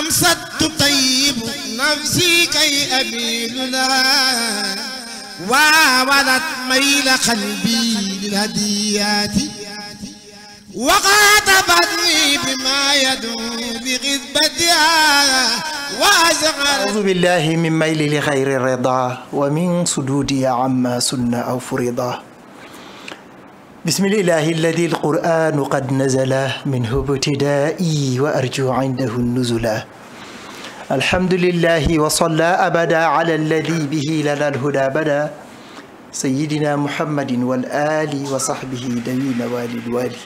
أمسدت طيب نفسي كي أميل لها واولت ميل قلبي للهديات وخاطبتني بما يدعو بغذبتها وأزغر أعوذ بالله من ميل لغير الرضا ومن صدودي عما سن أو فرضا بسم الإله الذي القرآن قد نزل منه ابتدائي وأرجو عنده النزلا الحمد لله وصلى أبدا على الذي به لنا الهدى بدا سيدنا محمد والآل وصحبه دوين والي الوالي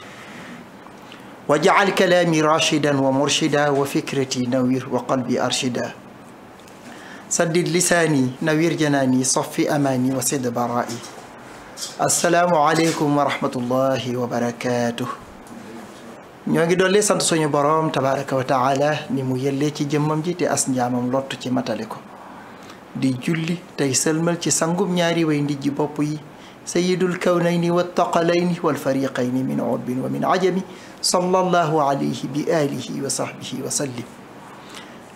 واجعل كلامي راشدا ومرشدا وفكرتي نوير وقلبي أرشدا سدد لساني نوير جناني صفي أماني وسد برائي asalaamualeykum wa rahmatullahi wa barakaatu. ñoo ngi dolli sant suñu boroom tabaraka wa taala ni mu yellee ci jëmmam ji te as njaamam lott ci matale ko di julli tey sëlmal ci sangum ñaari way ndijji bopp yi sayidul kawnayni wattaqalayni walfariqayni min urbin wa min ajami sallallahu alayhi bi alihi wa sahbihi wa sallim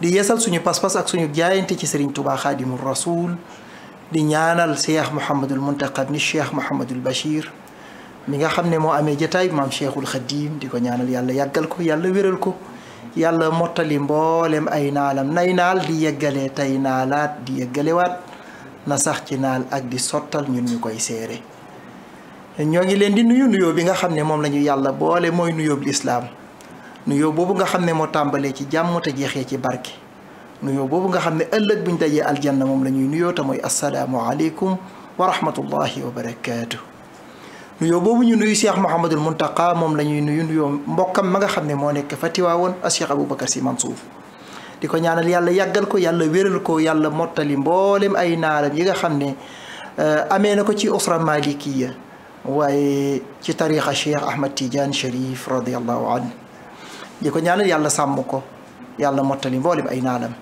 di yeesal suñu pas-pas ak suñu jaayante ci sëriñ tubaa xaadimul rasul di ñaanal cheikh mouhamadul muntaqab ni cheikh mouhamadul bachir mi nga xam ne moo amee jataay maam cheikhul xadim di ko ñaanal yàlla yàggal ko yàlla wéral ko yàlla mottali mboolem ay naalam nay naal di yeggalee tey naalaat di yeggalewaat na sax ci naal ak di sottal ñun ñu koy seere ñoo ngi leen di nuyu nuyoo bi nga xam ne moom la ñu yàlla boole mooy nuyoo islaam lislaam nuyoo boobu nga xam ne moo tàmbalee ci jàmm te jeexee ci barke nuyoo boobu nga xam ne ëllëg buñ dajee aljanna moom la ñuy nuyoo te mooy assalaamu aleykum wa rahmatullahi wa barakaatu. nuyoo boobu ñu nuyu Cheikh Mouhamadul Muntaqa moom la ñuy nuyu nuyoo mbokkam ma nga xam ne moo nekk fatiwaa woon ak Cheikh Aboubacar Sy Mansour di ko ñaanal yàlla yàggal ko yàlla wéral ko yàlla mottali mboolem ay naaram yi nga xam ne euh, amee na ko ci usra malikiya waaye ci tarixa Cheikh Ahmad Tidiane Cherif radiallahu anhu di ko ñaanal yàlla sàmm ko yàlla mottali mboolem ay naaram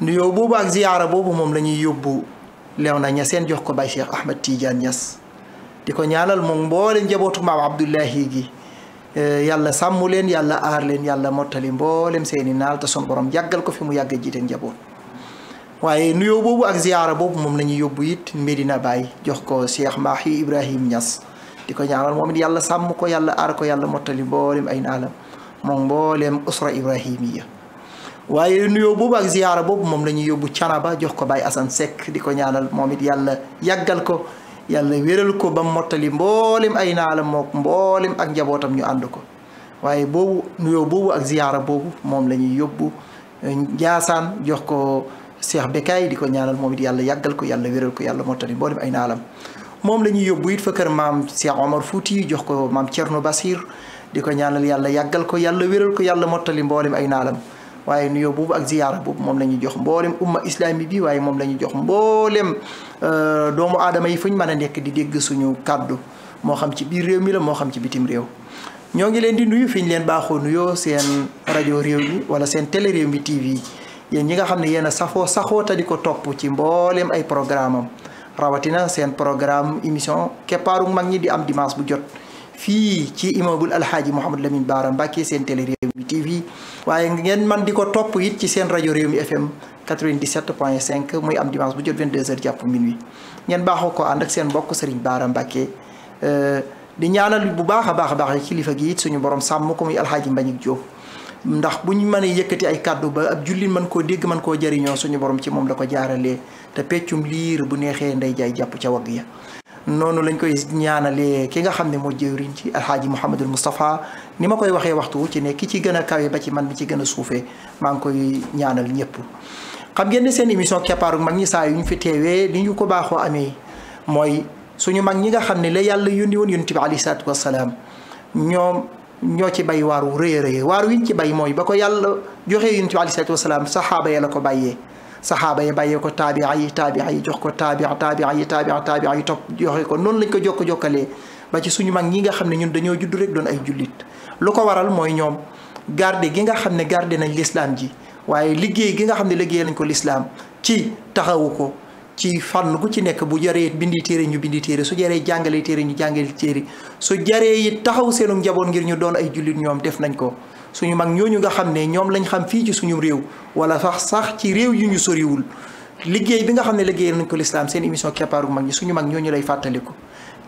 nuyo boobu ak ziyaara boobu moom la ñuy yóbbu Léona Niassène jox ko Baye Cheikh Ahmed Tidiane Niass di ko ñaanal moom mboole njabootu maam Abdullahi gi eh, yàlla sàmm leen yàlla aar leen yàlla mottali mboolem seeni naal te sunu borom yàggal ko fi mu yàgg jiite njaboot waaye nuyoo boobu ak ziyaara boobu moom la ñuy yóbbu it Medina Baye jox ko Cheikh Mahi Ibrahim Niass di ko ñaanal moom it yàlla sàmm ko yàlla aar ko yàlla mottali mboolem ay naalam moom mboolem usra Ibrahimiya waaye nuyoo boobu ak ziyaara boobu moom la ñuy yóbbu Canaba jox ko Baye Assane Seck di ko ñaanal moom it yàlla yàggal ko yàlla wéral ko ba mottali mboolem ay naalam mook mboolem ak njabootam ñu ànd ko waaye boobu nuyoo boobu ak ziyaara boobu moom la ñuy yóbbu eh, Njaasaan jox ko Cheikh Bekaay di ko ñaanal moom it yàlla yàggal yàlla wéral ko yàlla mottali mboolem ay naalam moom la ñuy yóbbu it fa kër maam Cheikh Omar Fouti jox ko maam Thierno Basir di ko ñaanal yàlla yàggal ko yalla wéral ko yàlla mottali mboolem ay naalam waaye nuyoo boobu ak ziyaara boobu moom la ñuy jox mboolem umma islami bi waaye moom la ñuy jox mboolem euh, doomu aadama yi fu ñu mën a nekk di dégg suñu kàddu moo xam ci biir réew mi la moo xam ci bitim réew ñoo ngi leen di nuyu fi ñu leen baaxoo nuyoo seen rajo réew mi wala seen télé réew mi TV yéen ñi nga xam ne yéen a safoo saxoo ta ko topp ci mbooleem ay programme am rawatina seen programme émission keppaaru mag ñi di am dimanche bu jot fii ci immeuble alxaaji Mouhamadou Lamine Bara Mbacké seen télé Rewmi TV waaye ngeen man di ko topp it ci seen rajo mi FM 97 point 5 muy am dimanche bu jot 22h jàpp minuit ngeen baaxoo ko ànd ak seen mbokk Serigne Bara Mbacké euh, di ñaanal bu baax a baax a baax kilifa gi it suñu borom sàmm ko muy alxaaji Mbagnick Diop ndax bu ñu mënee yëkkati ay kàddu ba ab jullit mën koo dégg mën koo jariñoo suñu borom ci moom la ko jaaralee te peccum liir bu neexee ndey jaay jàpp ca wagg ya noonu lañ koy ñaanalee ki nga xam ne moo jëwriñ ci alxaaji Mouhamadul Moustapha ni ma koy waxee waxtu ci ne ki ci gën a kawe ba ci man mi ci gën a suufee maa ngi koy ñaanal ñëpp. xam ngeen ne seen émission keppaaru mag ñi saa yu ñu fi teewee li ñu ko baaxoo amee mooy suñu mag ñi nga xam ne la yàlla yónni woon yonent bi aleyhi salaatu wa salaam ñoom ñoo ci bay waar wu rëy a rëy waar ci bay mooy ba ko yàlla joxee yonent bi aleyhi salaatu wa salaam saxaaba ya la ko bàyyee. saxaaba yi bàyyee ko taabia yi taabia yi jox ko taabia taabia yi taabia taabia yi topp joxe ko noonu lañ ko jokk-jokkalee ba ci suñu mag ñi nga xam ne ñun dañoo judd doon ay jullit lu ko waral mooy ñoom garde gi nga xam ne garde nañ lislaam ji waaye liggéey gi nga xam ne liggéey nañ ko lislaam ci taxawu ko ci fànn ku ci nekk bu jaree bindi téere ñu bindi téere su jaree jàngale téere ñu jàngale téere su jaree yi taxaw seenu njaboot ngir ñu doon ay jullit ñoom def nañ suñu mag ñooñu nga xam ne ñoom lañ xam fii ci suñu réew wala sax sax ci réew yu ñu soriwul liggéey bi nga xam ne liggéey nañ ko lislaam seen émission keppaaru mag ñi suñu mag ñooñu lay fàttaliku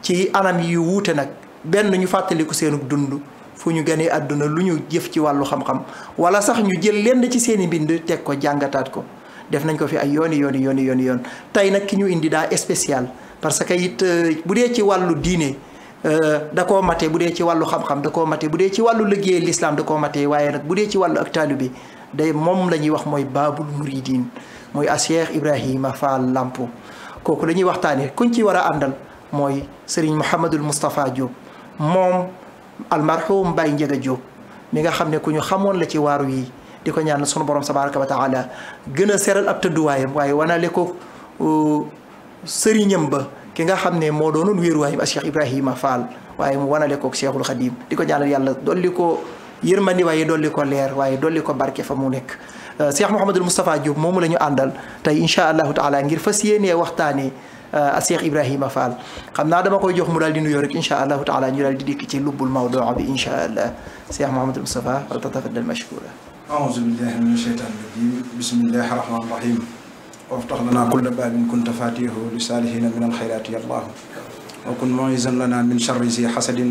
ci anam yu wuute nag benn ñu fàttaliku seenu dund fu ñu ganee àdduna lu ñu jëf ci wàllu xam-xam wala sax ñu jël lenn ci seeni mbind teg ko jàngataat ko def nañ ko fi ay yooni yooni yooni yooni yoon tey nag ki ñu indi daa spécial parce que it euh, bu dee ci wàllu diine euh, da ko mate bu dee ci wàllu xam-xam da koo mate bu dee ci wàllu liggéey lislaam da koo mate waaye bu dee ci wàllu ak bi day moom la ñuy wax mooy baabul muridin mooy a Cheikh Ibrahima Fall Lampo kooku la ñuy waxtaanee kuñ ci war a àndal mooy Serigne Mouhamadul Moustapha Diop moom almarhum Baye Ndiaga Diop mi nga xam ne ku ñu xamoon la ci waaru yi di ko ñaan sunu borom tabaraka wa taala gën a seral ab tëdduwaayam waaye wanale ko sëriñam ba ki nga xam ne moo doonoon wéeruwaayam a Cheikh Ibrahima Fall waaye mu wanale ko Cheikhul Khadim di ko ñaanal yàlla dolli ko. yërmandi waaye dolli ko leer waaye dolli ko barke fa mu nekk euh, Cheikh Mouhamadul Moustapha Diop moomu la ñu àndal tey incha allahu taala ngir fas yéenee waxtaanee euh, Cheikh Ibrahima Fall xam naa dama koy jox mu daal di nuyoo rek incha allahu taala ñu daal di dikk ci lubbul mawduu bi incha allah Cheikh Mouhamadul Moustapha wala tatafaddal mashkura aouzu billahi a asheytan rajim bismillahi rahmani rahim waftax lana kulla baabin kunta fatihu li a min alxayraati min charri zi xasadin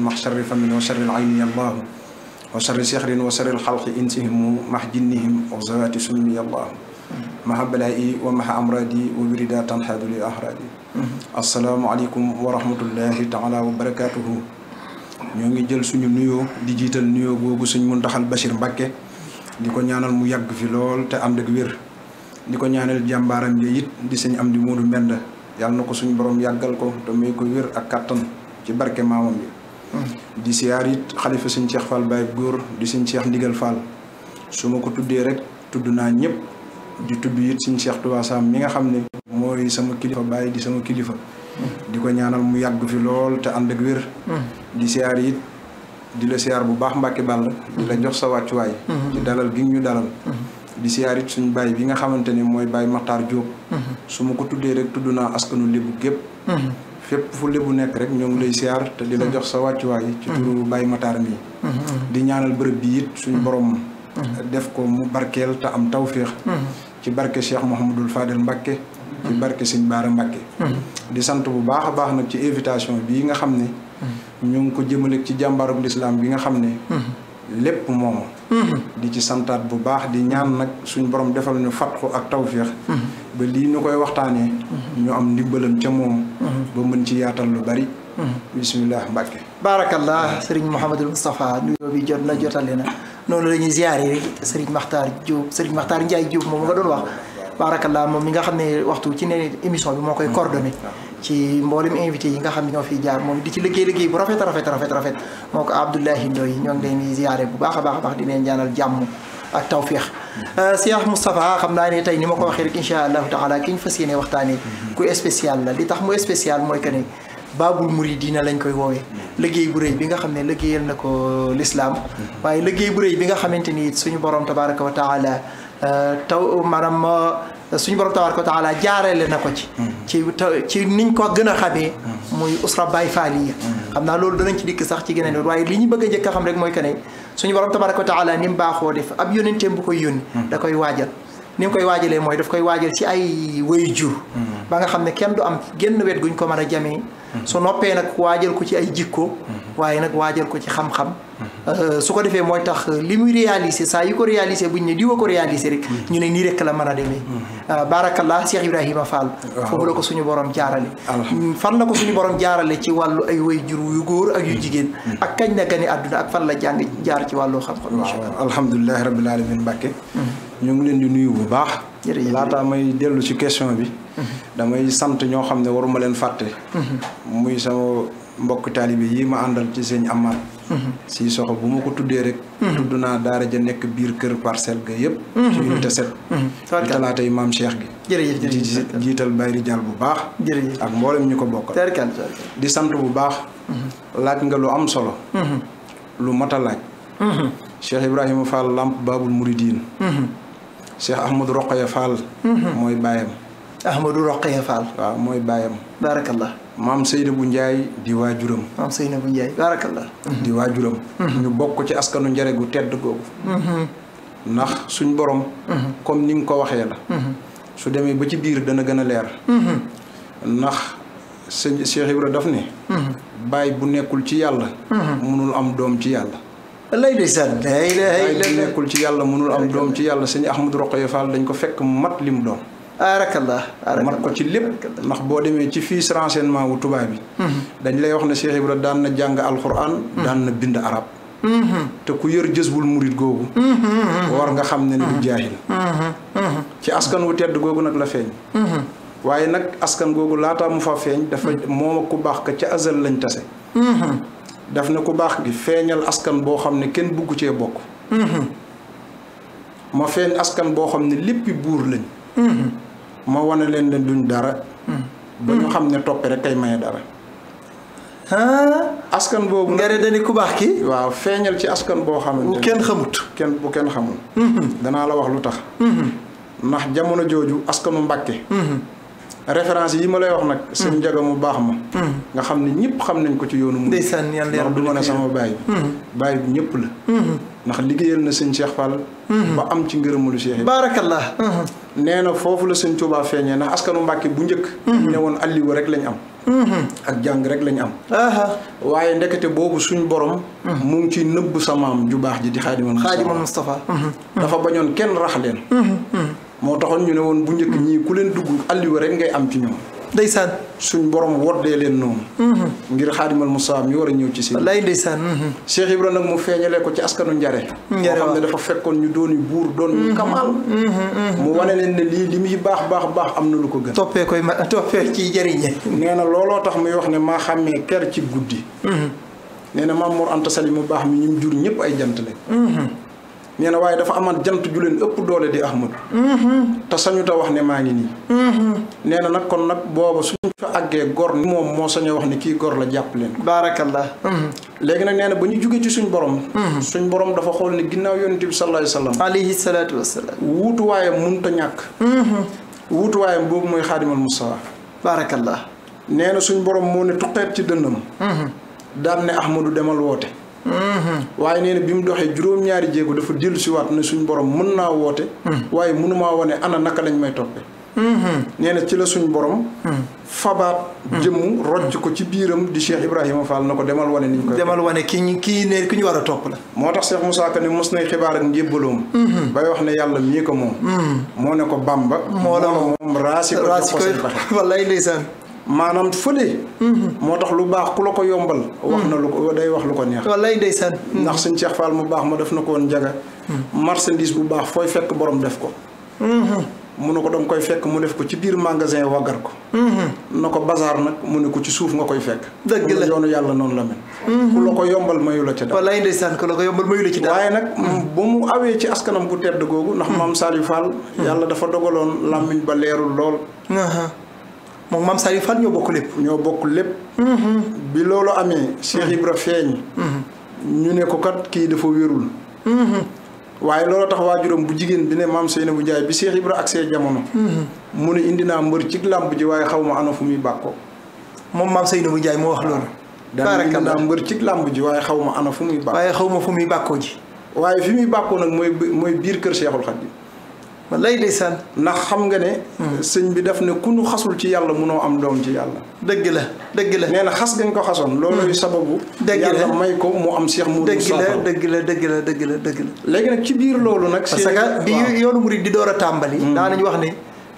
wa sharri sihrin wa sharril xalqi insihim max jinnihim wa zawaati sunni allah maha balaa'i wa maha amraadi wa wirida tanxaadu li ahraadi asalaamualeykum wa rahmatullahi taala wa barakaatuhu ñoo ngi jël suñu nuyoo di jiital nuyoo boobu suñ muntaxal Bachir Mbacke di ko ñaanal mu yàgg fi lool te ànd ak wér di ko ñaanal jàmbaaram yi it di sëñ am di moodu mbend yàlla na ko suñu borom yàggal ko te may ko wér ak kàttan ci barke maamam bi di siyaar it xalifa sëñ Cheikh Fall Baye góor di suñ seex Ndigal Fall su ma ko tuddee rek tudd naa ñëpp di tudd it sëñ Cheikh Touba Sam mi nga xam ne mooy sama kilifa Baye di sama kilifa di ko ñaanal mu yàgg fi lool te ànd ak di siyaar it di la siyaar bu baax Mbàkke Bàll di la jox sa wàccuwaay ci dalal gi ñu dalal di siyaar it suñ baay bi nga xamante ne mooy Baye Makhtar Diop su ma ko tuddee rek tudd naa askanu lébu gépp fépp fu lébu nekk rek ñoo ngi lay siyaar te di la mm-hmm. jox sa wàccuwaay ci mm-hmm. turu Baye Matar mi mm-hmm. di ñaanal bërëb bi it suñu borom def ko mu barkeel te am tawféex ci barke Cheikh Mouhamadul Fadel Mbakke ci barke Sëñ Baara Mbakke di sant bu baax a baax nag ci invitation bii nga xam ne ñoo ngi ko jëmale ci jàmbaarum lislaam bi nga xam ne lépp moom di ci santaat bu baax di ñaan nag suñ borom defal ñu fatxu ak tawféex ba lii ñu koy waxtaanee ñu am ndimbalam ca moom ba mën ci yaatal lu bari bisimilah Mbacke baarakallah sëriñ Mouhamadul Moustapha nuyoo bi jot na jotale na noonu la ñuy ziare sëriñ Makhtar Diop sëriñ Makhtar Ndiaye Diop moom nga doon wax baarakallah moom mi nga xam ne waxtu ci ne émission bi moo koy coordonné ci mboolem invité yi nga xam ne ñoo fi jaar moom di ci liggéey liggéey bu rafet rafet rafet rafet moo ko Abdoulahi Ndoy ñoo ngi leen di ziare bu baax a baax a baax di leen ñaanal jàmm ak tawféex mm-hmm. euh, Cheikh Moustapha xam naa ne tey ni ma ko waxee rek incha allahu taala ki ñu fas yéene waxtaanee mm-hmm. ku spécial la li tax mu spécial mooy que ne baabul na lañ koy woowee mm-hmm. liggéey bu rëy bi nga xam ne liggéeyal na ko lislaam waaye liggéey bu rëy bi nga xamante ni suñu borom tabaraka wa taala euh, taw maanaam suñu borom tabaaraka wa taala jaareele na ko ci. Mm-hmm. ci ci niñ ko gën a xamee. Mm-hmm. muy usra baay faaliya mm-hmm. xam naa loolu danañ ci dikk sax ci geneen waaye li ñu bëgg a njëkk a xam rek mooy que ne suñu borom tabaaraka wa taala ni mu baaxoo def ab yónenteem bu koy yónni. da koy waajal ni mu koy waajalee mooy daf koy waajal ci ay wéy jur. ba nga xam ne kenn du am génn wet guñ ko man a jamee mhm. su noppee nag waajal ko ci ay jikko mhm. waaye nag waajal ko ci xam-xam mhm. euh, su ko defee mooy tax li muy réalisé saa yi ko réalisé buñ ne diwa ko réalisé rek ñu ne nii rek la mën a demee euh, baarakallah Cheikh Ibrahima Fall foofu la ko suñu borom jaarale mm, fan la ko suñu borom jaarale ci wàllu ay way jur yu góor ak yu jigéen ak kañ na gane àdduna ak fan la jàng jaar ci wàllu xam-xam alhamdulilahi rabbil alamin Mbàkke ñoo ngi leen di nuyu bu baax laata may dellu ci question bi damay sant ñoo xam ne waruma leen fàtte. Mm-hmm. muy sama mbokk taalibe yi ma àndal ci sëñ Amar. Mm-hmm. si soxo bu ma ko tuddee rek. Mm-hmm. tudd naa daara ja nekk biir kër parcelle ga yëpp. ci unité sept. di talaata yi maam Cheikh gi. jiital Bayri Diall bu baax. jërëjëf ak mboolem ñu ko bokkal. di sant bu baax. laaj nga lu am solo. lu mat a laaj. Cheikh Ibrahima Fall Lamp Babul Mouridine. Cheikh Ahmadou Rokhaya Fall. mooy baayam. Ahmadou Roqaya Fall. waaw mooy baayam. baarakallah. maam Seynabou Ndiaye di waajuram. maam Seynabou Ndiaye baarakallah. di waajuram. Mm-hmm. ñu bokk ci askanu njare gu tedd googu. Mm-hmm. ndax suñ borom. Mm-hmm. comme ni nga ko waxee la. su demee ba ci biir dana gën a leer. ndax sëñ Cheikh daf ne. baay bu nekkul ci yàlla. munul am doom ci yàlla. lay ndeysaan lay lay nekkul ci yàlla munul am doom ci yàlla sëñ Ahmadou Roqaya Fall dañ ko fekk mat lim doom. aarakallah mat ko ci lépp ndax boo demee ci fii renseignement wu tubaab yi mhm. dañ lay wax ne Cheikh Ibra daan na jàng alxuraan mhm. daan na bind arab mhm. te ku yër jësbul murit googu war nga xam ne du jaahil ci askan wu tedd googu nag la feeñ waaye nag askan googu laata mu fa feeñ dafa moom ak ku baax ka ca azal lañ tase daf ne ku baax gi feeñal askan boo xam ne kenn bugg cee bokk ma feeñ askan boo xam ne léppi buur lañ ma wane leen ne duñ dara. Hmm. ba ñu xam ne topp rek kay maye dara. askan boobu. nga ne dañuy ku baax ki waaw feeñal ci askan boo xamante kenn xamut. kenn bu kenn xamul. Hmm. danaa la wax lu tax. Hmm. ndax jamono jooju askanu Mbàkke. référence yi ma lay wax nag. seen jaga mu baax ma. nga xam ne ñëpp xam nañ ko ci yoonu. ndeysaan yàlla du ma ne sama baay bi. baay bi la. ndax liggéeyal na sëñ Cheikh Fall. Mhm. ba am ci ngërëmalu Cheikh yi. baarakallah. Mhm. nee na foofu la sëñ Touba feeñee ndax askanu Mbàkke bu njëkk. Mhm. ne woon alliwa rek lañ am. ak jàng rek lañ am. waaye ndekete boobu suñ borom. mu ngi ciy nëbb sa maam ju baax ji di xaadimal Moustapha dafa bañoon kenn rax leen. moo taxoon ñu ne woon bu njëkk ñii ku leen dugg alliwa rek ngay am ci ñoom. ndeysaan suñ borom woddee leen noonu mhm. ngir xaadimal Moussa mi war a ñëw ci si lay ndeysaan mhm. Cheikh Ibra nag mu feeñalee ko ci askanu njare moo xam ne dafa fekkoon ñu dooni buur doon ñu mhm, kamal mu wane leen ne lii li muy baax baax baax am na lu ko gën toppee koy ma toppee ci jëriñe nee na looloo tax muy wax ne maa xàmmee ker ci guddi nee na Maam Mor Anta Sali mu baax mi ñu jur ñëpp ay jant lañ nee na waaye dafa amoon jant ju leen ëpp doole di Ahmadu mm-hmm. te sañu wax ne maa ngi nii mm-hmm. nee na nag kon nag booba suñ fa àggee gor ni moom moo sañoo wax ni kii gor la jàpp leen baarakallah mm-hmm. léegi nag nee na ba ñu jugee ci suñ borom suñ borom dafa xool ne ginnaaw yonent bi sallallahu alayhi wasallam alayhi salaatu wasalaam wuutuwaayam munta ñàkk wuutuwaayam boobu mooy xaadimal Mustafa baarakallah nee na suñ borom moo ne tuqeet ci dënnam daan ne Ahmadu demal woote Mm-hmm. waaye nee na bi mu doxee juróom-ñaari jéego dafa dellu si waat ne suñ borom mën naa woote mm. waaye mënumaa wane ana naka lañ may toppe mm-hmm. nee ci la suñ borom mm. fabaat mm. jëmm rocc ko ci biiram di Cheikh Ibrahima Fall na ko demal wane ni ñu koy demal wane ki ñu ki ne ki ñu war a topp la moo tax seex Moussa Ka ne mos nay xibaar ak njébbaloom mm-hmm. bay wax ne yàlla mii ko moom moo ne ko Bamba moo la moom raasi ko jox ko seen baxe wallaay ndeysaan maanaam fële. Mhm. moo tax lu baax ku la ko yombal. wax na lu ko day wax lu ko neex. wallaay ndeysaan. Mhm. ndax suñ Cheikh Fall mu baax ma def na ko woon njaga. Mhm. marchandise bu baax fooy fekk borom def ko. mu ne ko danga koy fekk mu def ko ci biir magasin waggar ko. na ko bazaar nag mu ne ko ci suuf nga koy fekk. dëgg la yoonu yàlla noonu la mel. ku la ko yombal mayu la ci dara. wallaay ndeysaan ku la ko yombal ci dara. waaye nag bu mu awee ci askanam bu tedd googu. ndax maam Saliou Fall. yàlla dafa dogaloon làmmiñ ba leerul lool. moom maam Saliou fan ñoo bokk lépp. ñoo bokk lépp. Mm-hmm. bi loolu amee. Cheikh mm-hmm. Ibra feeñ. Mm-hmm. ñu ne ko kat kii dafa wérul. waaye loolu tax waajuram bu jigéen bi ne maam Seynabou Ndiaye bi Cheikh Ibra ak see jamono. mu ne indi naa mbër ci làmb ji waaye xaw ma ana fu muy bàkkoo. moom maam Seynabou Ndiaye moo wax loolu. daanaka indi naa mbër ci làmb ji waaye xaw ma ana fu muy bàkkoo. xaw ma fu muy bàkkoo ji. waaye fi muy bàkkoo nag mooy mooy biir kër Cheikhul bi lay ndeysaan ndax xam nga ne hmm. sëñ bi def ne ku nu xasul ci yàlla munoo am doom ci yàlla dëgg la dëgg la nee na xas gañ ko xasoon hmm. looluy sababu dëgg la yàlla ko mu am Cheikh Mourou dëgg la dëgg la dëgg la dëgg la dëgg léegi nag ci biir loolu nag parce que bi yoonu murid di door a tàmbali hmm. daa nañu wax ne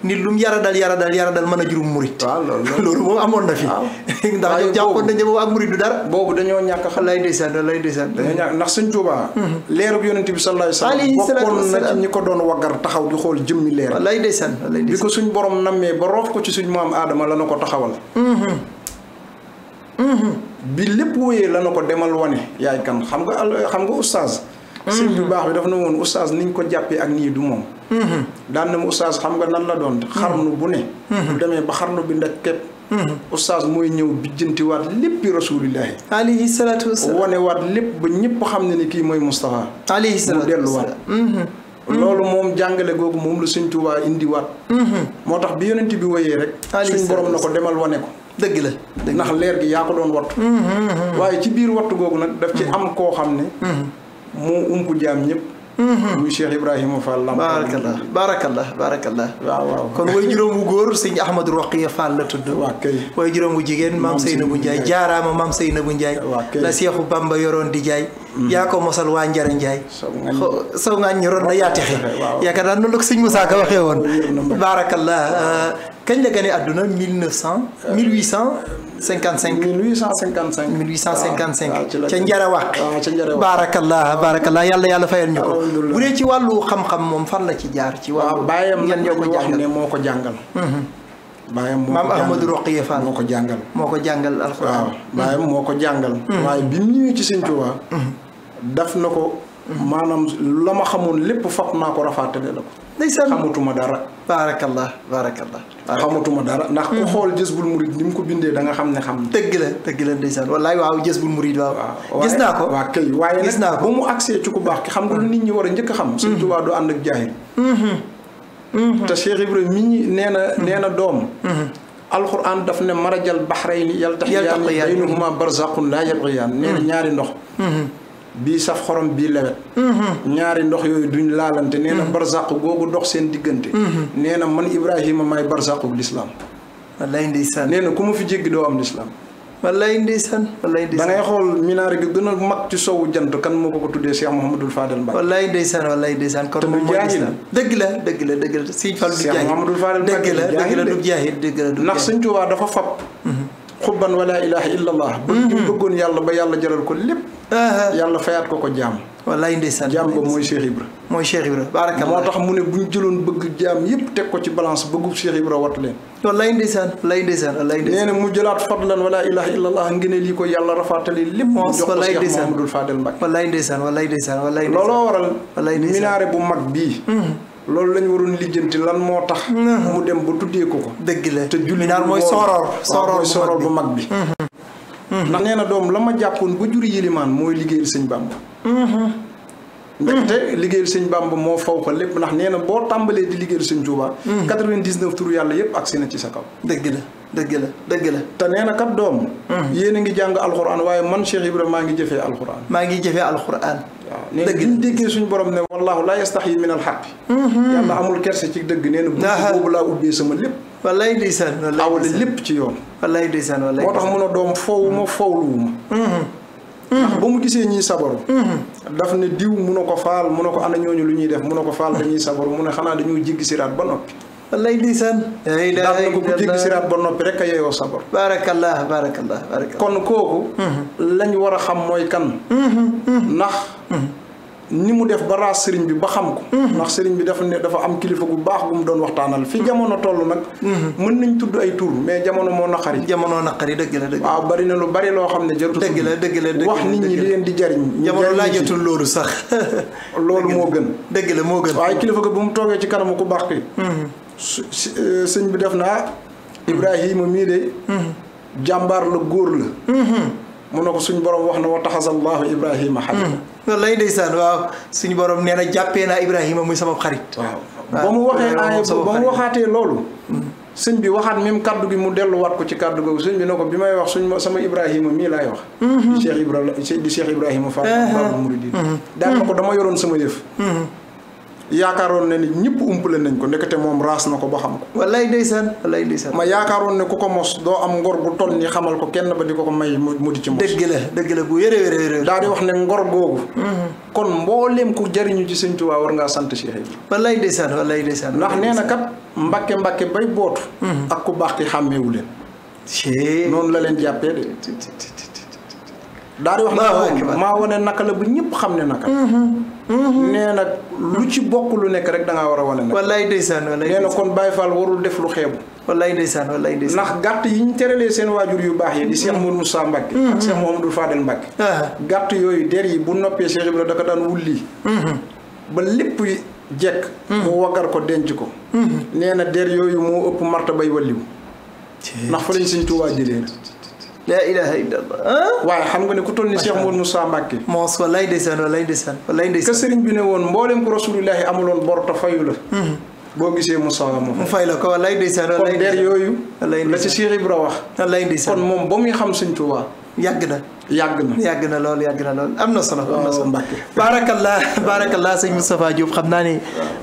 nit lu mu yaradal yara dal man a jurum murit loolu moom amoon na fi ndax ñoom jàppoon nañ ne boobu ak boobu dañoo ñàkk xam lay ndeysaan lay ndeysaan dañoo ñàkk ndax sëñ Tuubaa mhm. leerub yonent bi sallallahu alayhi wa sallam bokkoon na ci ñi ko doon waggar taxaw di xool jëmmi leer lay ndeysaan bi ko suñ borom nammee ba roof ko ci suñ maam aadama la na ko taxawal mhm. Mhm. bi lépp wóyee la na ko demal wane yaay kan xam nga xam nga oustaz sëñ bu baax bi daf na woon oustaz niñ ko jàppee ak nii du moom Mm-hmm. daan na mu oustaz xam nga nan la doon xarnu bu ne bu mm-hmm. demee ba xarnu bi ndak képp oustaz mm-hmm. mooy ñëw bijjantiwaat léppi rasulillahi alayhi salaatu wasalaam wane waat lépp ba ñëpp xam ne ni kii mooy Moustapha alayhi salaatu wasalaam mu delluwaat loolu moom jàngale googu moom la Sëñ Tuubaa indiwaat moo tax bi yonent bi woyee rek suñ borom na ko demal wane ko dëgg la ndax leer gi yaa ko doon wattu waaye ci biir wattu googu nag daf ci am koo xam ne moo ump jaam ñëpp Mm-hmm. muy Cheikh Ibrahima Fall Lamp. baarakallah baarakallah kon way juróom bu góor sëñ Ahmadou Roqiya Fall la tudd. waaw kay way juróom bu jigéen maam Seynabou Ndiaye jaaraama maam Seynabou Ndiaye. waaw kay la Seexu Bamba yoroon di jaay. Mm-hmm. yaa ko mosal waa Njara Njaay sow nga ñu ron na yaa texe yaakaar daal noonu la ko sëñ Moussa waxee woon baarakallah euh, kañ la gane àdduna mille neuf cent mille huit cent cinquante cinq mille huit cent cinquante cinq mille huit cent cinquante cinq ca Njara Wàq ah, baarakallah baarakallah yàlla yàlla fayal ñu ko bu dee ci wàllu xam-xam moom fan la ci jaar ci wàllu bàyyam lan ñoo ko jàngal moo ko jàngal mm-hmm. baayam moo ko jàngal maam Ahmadou fa Fall moo ko jàngal. moo ko jàngal alxuraan. waaw moo ko jàngal. Mm. Mm. waaye bi mu ñëwee ci sëñ Tuubaa. Mm. daf na ko. maanaam la ma xamoon lépp fab naa ko rafaatale la ko. ndeysaan xamatuma dara. baarakallah baarakallah. xamatuma dara ndax ku xool jësbul murid ni mu ko bindee da nga xam ne xam. dëgg la dëgg la ndeysaan wallaay waaw jësbul murid waaw. gis naa ko waaw këy waaye naa nag ba mu accès ci ku baax ki xam nga lu nit ñi war a njëkk xam. Sëñ Tuubaa doo ànd ak jaahil mm-hmm. Mm-hmm. te Cheikh mi ñi nee na mm-hmm. nee na doom mm-hmm. alxuraan daf ne marajal baxrayni yaltaqiyaan baynahumaa barzaxun laa yabgiyaan nee na ñaari ndox bii saf xorom bii lewet ñaari ndox yooyu duñ laalante nee na barzaq googu dox seen diggante nee na man Ibrahima maay barzaqu lislaam wallaay ndeysaan nee na ku ma fi jéggi doo am lislaam wallaay ndeysaan wallaay ndeysaan da ngay xool minaar bi gën a mag ci sowu jant kan moo ko ko tuddee Cheikh Mouhamadul Fadel Mbacke. wallaay ndeysaan wallaay ndeysaan. kon moom mooy ndeysaan dëgg la dëgg la dëgg la Sëñ Fall du jaahil Cheikh Mouhamadul Fadel Mbacke dëgg la dëgg la du jaahil dëgg la du ndax Sëñ Tuubaa dafa fab. Mhm. xubban wala ilaha illallah. Mhm. bëgg bëggoon yàlla ba yàlla jaral ko lépp. yàlla fayaat ko ko jaam. wallaay ndeysaan jaam ba mooy Cheikh Ibra mooy Cheikh Ibra baarakallah moo tax mu ne bu ñu jëloon bëgg jaam yépp teg ko ci balance bëggu Cheikh Ibra wat leen wallaay ndeysaan wallaay ndeysaan wallaay ndeysaan mu jëlaat fadlan wala ilaha illallah ngëneel yi ko yàlla rafaatali lépp mu jox ko Cheikh Mahamadul Fadel Mbacke wallaay ndeysaan wallaay ndeysaan wallaay ndeysaan looloo waral wallaay ndeysaan minaare bu mag bii hmm. loolu lañu waroon lijjanti lan moo tax hmm. mu dem ba tuddee ko ko dëgg la te julli minaar mooy sooroor sooroor bu mag bi hmm. ndax nee na doom la ma jàppoon ba juri yilimaan mooy liggéeyal sëñ bàmb ndaxte liggéeyal sëñ bàmb moo faw ko lépp ndax nee na boo tàmbalee di liggéeyal sëñ Tuubaa 99 turu yàlla yépp agsi na ci sa kaw dégg la dëgg la dëgg la. te nee na kat doom. Hmm. yéen a ngi jàng alxuraan waaye man Cheikh Ibrahima maa ngi jëfee alxuraan. maa ngi jëfee alxuraan. waaw léegi ñu déggee suñu borom ne wallaahu laa yastaxyi min alxaq. Hmm. yàlla amul kerse ci dëgg nee na. boobu laa ubbee sama lépp. wallaay ndeysaan wallaay awale lépp ci yoon. wallaay ndeysaan wallaay moo tax mun a doom fow ma hmm. fowluwuma. ndax ba mu gisee ñiy sabaru. daf ne diw mun a ko faal mun a ko ana ñooñu lu ñuy def mun a ko faal dañuy sabaru mu ne xanaa dañoo jéggi siraat ba noppi wallay ndeysaan daal ko ku jéggi siraat ba noppi rek a yeyoo sabar baarakallah baarakallah baarakallah kon kooku mhm. lañ war a xam mooy kan mhm, mhm. ndax ni mu def ba raas sëriñ bi ba xam ko ndax sëriñ bi dafa ne dafa am kilifa gu baax gu mu doon waxtaanal fi jamono toll nag mën nañ tudd ay tur mais jamono moo naqari jamono naqari dëgg la dëgg waaw bari na lu bari loo xam ne jarut dégg la dégg la wax nit ñi leen di jariñ jamono laajatul loolu sax loolu moo gën dëgg la moo gën waaye kilifa gu bu mu toogee ci kanamu ku baax ki su eh, sëñ bi def naa Ibrahima mii de. jàmbaar la góor la. mu na ko suñu borom wax na wa taxasallahu Ibrahima xalil. Hmm. loolu lay ndeysaan waaw suñu borom nee na jàppee naa Ibrahima muy sama xarit. waaw ba mu waxee aaya ba mu waxaatee loolu. sëñ bi waxaat même kaddu gi mu delluwaat ko ci kaddu googu sëñ bi ne ko bi may wax suñ sama Ibrahima mii laay wax. Hmm. di Cheikh Ibrahima di Cheikh Ibrahima Fall. Hmm. Babou Mouridine. daan na ko dama yoroon sama yëf. yaakaaroon ne ni ñëpp umpale nañ ko ndekete moom raas na ko ba xam ko. wallaay ndeysaan wallaay ndeysaan. ma yaakaaroon ne ku ko doo am ngor gu toll ni xamal ko kenn ba di ko ko may bu yëree yëree. wax ne ngor googu. Mm-hmm. kon mbooleem ku jariñu ci Sëñ Tuubaa war ngaa sant Cheikh Ibra. wallaay ndeysaan wallaay ndeysaan. ndax nee na kat mbàkke mbàkke bay bootu. Mm-hmm. ak ku baax ki xàmmeewu leen. noonu la leen jàppee de. daal di wax ne maa wane naka la bu ñëpp xam ne naka. Mm-hmm. nee na lu ci bokk lu nekk rek danga war a wane nag. wallaay ndeysaan wallaay nee na kon Baye Fall warul def lu xeebu. wallaay ndeysaan wallaay ndeysaan ndax gàtt yi ñu terelee seen waajur yu baax yi di Cheikh mm-hmm. Mouhamadou Moussa Mbacke mm-hmm. ak Cheikh Mouhamadou Fadel Mbacke ah. gàtt yooyu der yi bu noppee Cheikh Ibrahima da ko daan wulli ba lépp jekk mu waggar ko denc ko nee na der yooyu moo ëpp marta bay walliw ndax fa lañ sëñ Tuubaa jëlee laa ilaha illa allah waaye xam nga ne ku toll ni Cheikh Mouhamadou Moussa Mbacké moos wallaay ndeysaan wallaay ndeysaan wallaay ndeysaan que sëriñ bi ne woon mboolem ko rasulullahi amuloon bor te fayu hmm. boo gisee Moussa moom mu fay la ko wallaay ndeysaan wallaay ndeysaan kon der yooyu la ci Cheikh Ibra wax wallaay ndeysaan kon moom ba muy xam Sëriñ Tuubaa yàgg na. yàgg na yàgg na lool yàgg na lool am na solo. am na solo baarakallah baarakallah sëñ Moustapha xam naa ne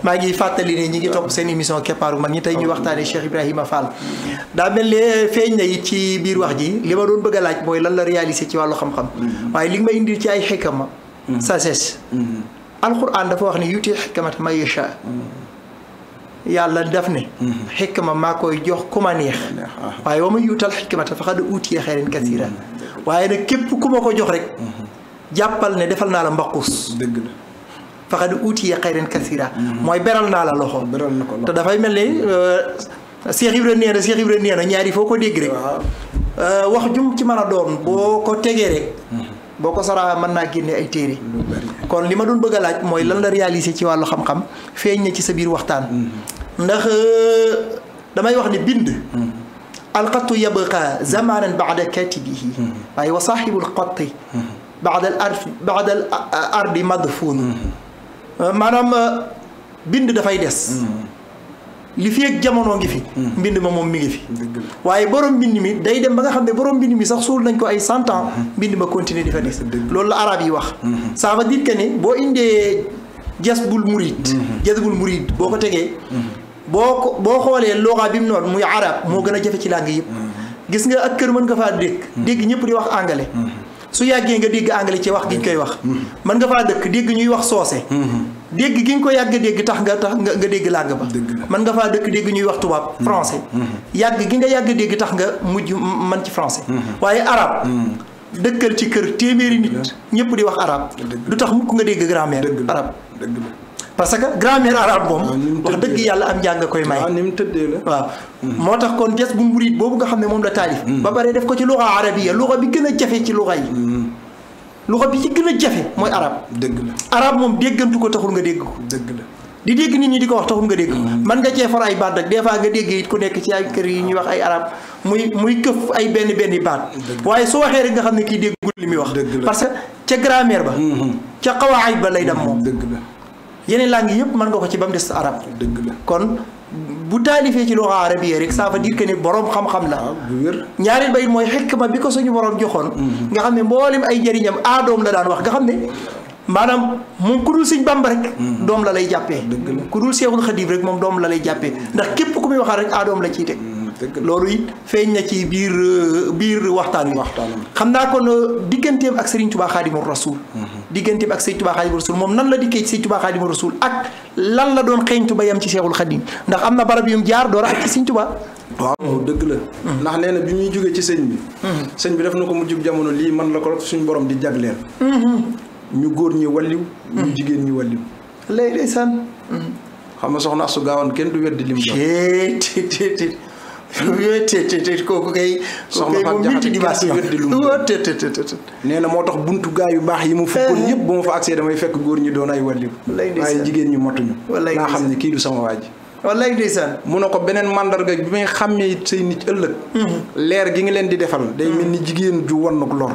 maa ngi fàttali ne ñi ngi topp seen émission keppaaru mag ñi tey ñu waxtaanee Cheikh Ibrahima Fall. daa mel ne feeñ na it ci biir wax ji li ma doon bëgg a laaj mooy lan la réalisé ci wàllu xam-xam. Mm-hmm. waaye li nga ma indil ci ay xikama. sagesse. Mm-hmm. Mm-hmm. alquran dafa wax ne yuti xikmata ma yasha yàlla daf ne xikma maa koy jox ku ma neex ah. waaye wa ma yuutal xikmata faqad uutiya waaye nag képp ku ma ko jox rek. Mhm. jàppal ne defal naa la mbaqus. dëgg la. faxad uutiya xayran kasira mhm. mooy beral naa la loxo. beral na ko loxo te dafay mel ni Cheikh Ibra nee na Cheikh Ibra nee na ñaari foo ko dégg rek. Euh, wax jum ci mën a doon mhm. boo ko tegee rek. boo ko saraa mën naa génne ay téere kon li ma doon bëgg a laaj mooy lan la réaliser ci wàllu xam-xam feeñ na ci sa biir waxtaan. ndax euh, damay wax ni bind. alqattu yabqa zamanan bada katibihi waaye wa saaxibu lqatti bada al ar madfun maanaam bind dafay des li fi ak ngi fi mbind ma moom mi ngi fi waaye borom bind mi day dem ba nga xam ne borom bind mi sax suul nañ ko ay santa ans mbind ma continuer di fa des loolu la arab yi wax ça veut ni boo indee jasbul murid jasbul murid boo ko tegee boo ko boo xoolee looxa bi mu noonu muy arab moo gën a jafe ci langue yëpp mm-hmm. gis nga ak kër mën nga faa dégg mm-hmm. dégg ñëpp di wax anglais mm-hmm. su yàggee nga dégg anglais ci wax gi ñu koy wax mën nga faa dëkk dégg ñuy wax soose dégg gi nga ko yàgg dégg tax nga tax nga dégg làng ba mën nga faa dëkk dégg ñuy wax tubaab français yàgg gi nga yàgg dégg tax nga mujj man ci français waaye arab dëkkal ci kër téeméeri nit ñëpp di wax arab du tax mukk nga dégg grammaire arab parce que grammaire arabe moom ah, wax dëgg yàlla am njàng koy may ah, waaw hmm. moo tax kon jas bu murid boobu nga xam ne moom la taalif hmm. ba bare def ko ci luxa arabiya luxa bi gën a jafe ci luxa yi hmm. luxa bi ci gën a jafe mooy arab dëgg la arab moom déggantu ko taxul nga dégg ko dëgg la di dégg nit ñi di ko wax taxul nga dégg man nga cee far ay baat rek des fois nga dégg it ku nekk ci ay kër yi ñuy wax ay arab muy muy këf ay benn benn baat waaye su waxee rek nga xam ne kii déggul li muy wax parce que ca grammaire ba ca xawaayit ba lay dem moom dëgg la yeneen langue yëpp mën nga ko ci ba mu des arab dëgg la kon bu taalifee ci luxa arabiya rek ça veut dire que ni borom xam-xam la ah, ñaareel ba it mooy xikma bi ko suñu borom joxoon mhm. nga xam ne mboolem ay jëriñam aadoom la daan wax nga xam ne maanaam moom ku dul sëñ bàmba rek mhm. doom la lay jàppee ku dul seexul xadiim rek moom doom la lay jàppee ndax képp ku muy waxaat rek adoom la ciy teg mhm. loolu it feeñ na ci biir euh, biir waxtaan wi xam naa kon euh, digganteem ak Serigne Touba Xaadimu Rasuul mhm. digganteem ak Serigne Touba Xaadimu Rasuul moom nan la dikkee ci Serigne Touba Xaadimu Rasuul ak lan la doon xeeñtu ba yam ci Seexul Xadiim ndax am na barab yum jaar door ak ci Serigne Touba waaw dëgg la mhm. ndax nee na bi ñuy jógee ci sëñ bi mhm. sëñ bi daf na ko mu jub jamono lii man la ko suñu borom di jagleel ñu góor ñi walliw ñu jigéen ñi walliw léegi day sànn xam nga soxna su gaawan kenn du te kooku kay. soxna Fatou Diakhaté kii lu nee na moo tax buntu gaa yu baax yi mu fukkoon ñëpp eh. bu ma fa accès damay fekk góor ñi doon ay wàllu. waaye jigéen ñi motuñu. wallay naa xam ne kii du sama waa ji. wallay ndeysaan mu ne ko beneen mandarga bi may xàmmee say nit ëllëg. Mm-hmm. leer gi nga leen di defal. day mel ni jigéen ju wan nag lor.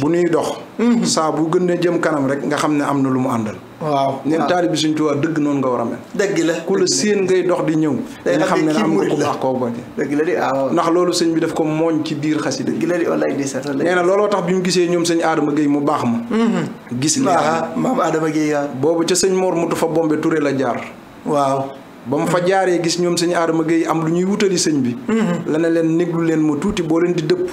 bu nuy dox. Mhm. saa bu gën a jëm kanam rek nga xam ne am na lu mu àndal. waaw neen taali bi suñ tuwaa dëgg noonu nga war a mel. la ku la séen ngay dox di ñëw. nga xam ne am nga ko baax la di waaw ndax loolu sëñ bi daf ko mooñ ci biir xasida. dëgg la di wallaay di seet nee na looloo tax bi mu gisee ñoom sëñ Adama Gueye mu baax ma. Mhm. gis li maam Adama Gueye boobu ca sëñ Mor Mutu fa Bombe Touré la jaar. waaw. ba mu fa mhm. jaaree gis ñoom sëñ Adama Gueye am lu ñuy wutali sëñ bi. la ne leen néglu leen ma tuuti boo leen di dëpp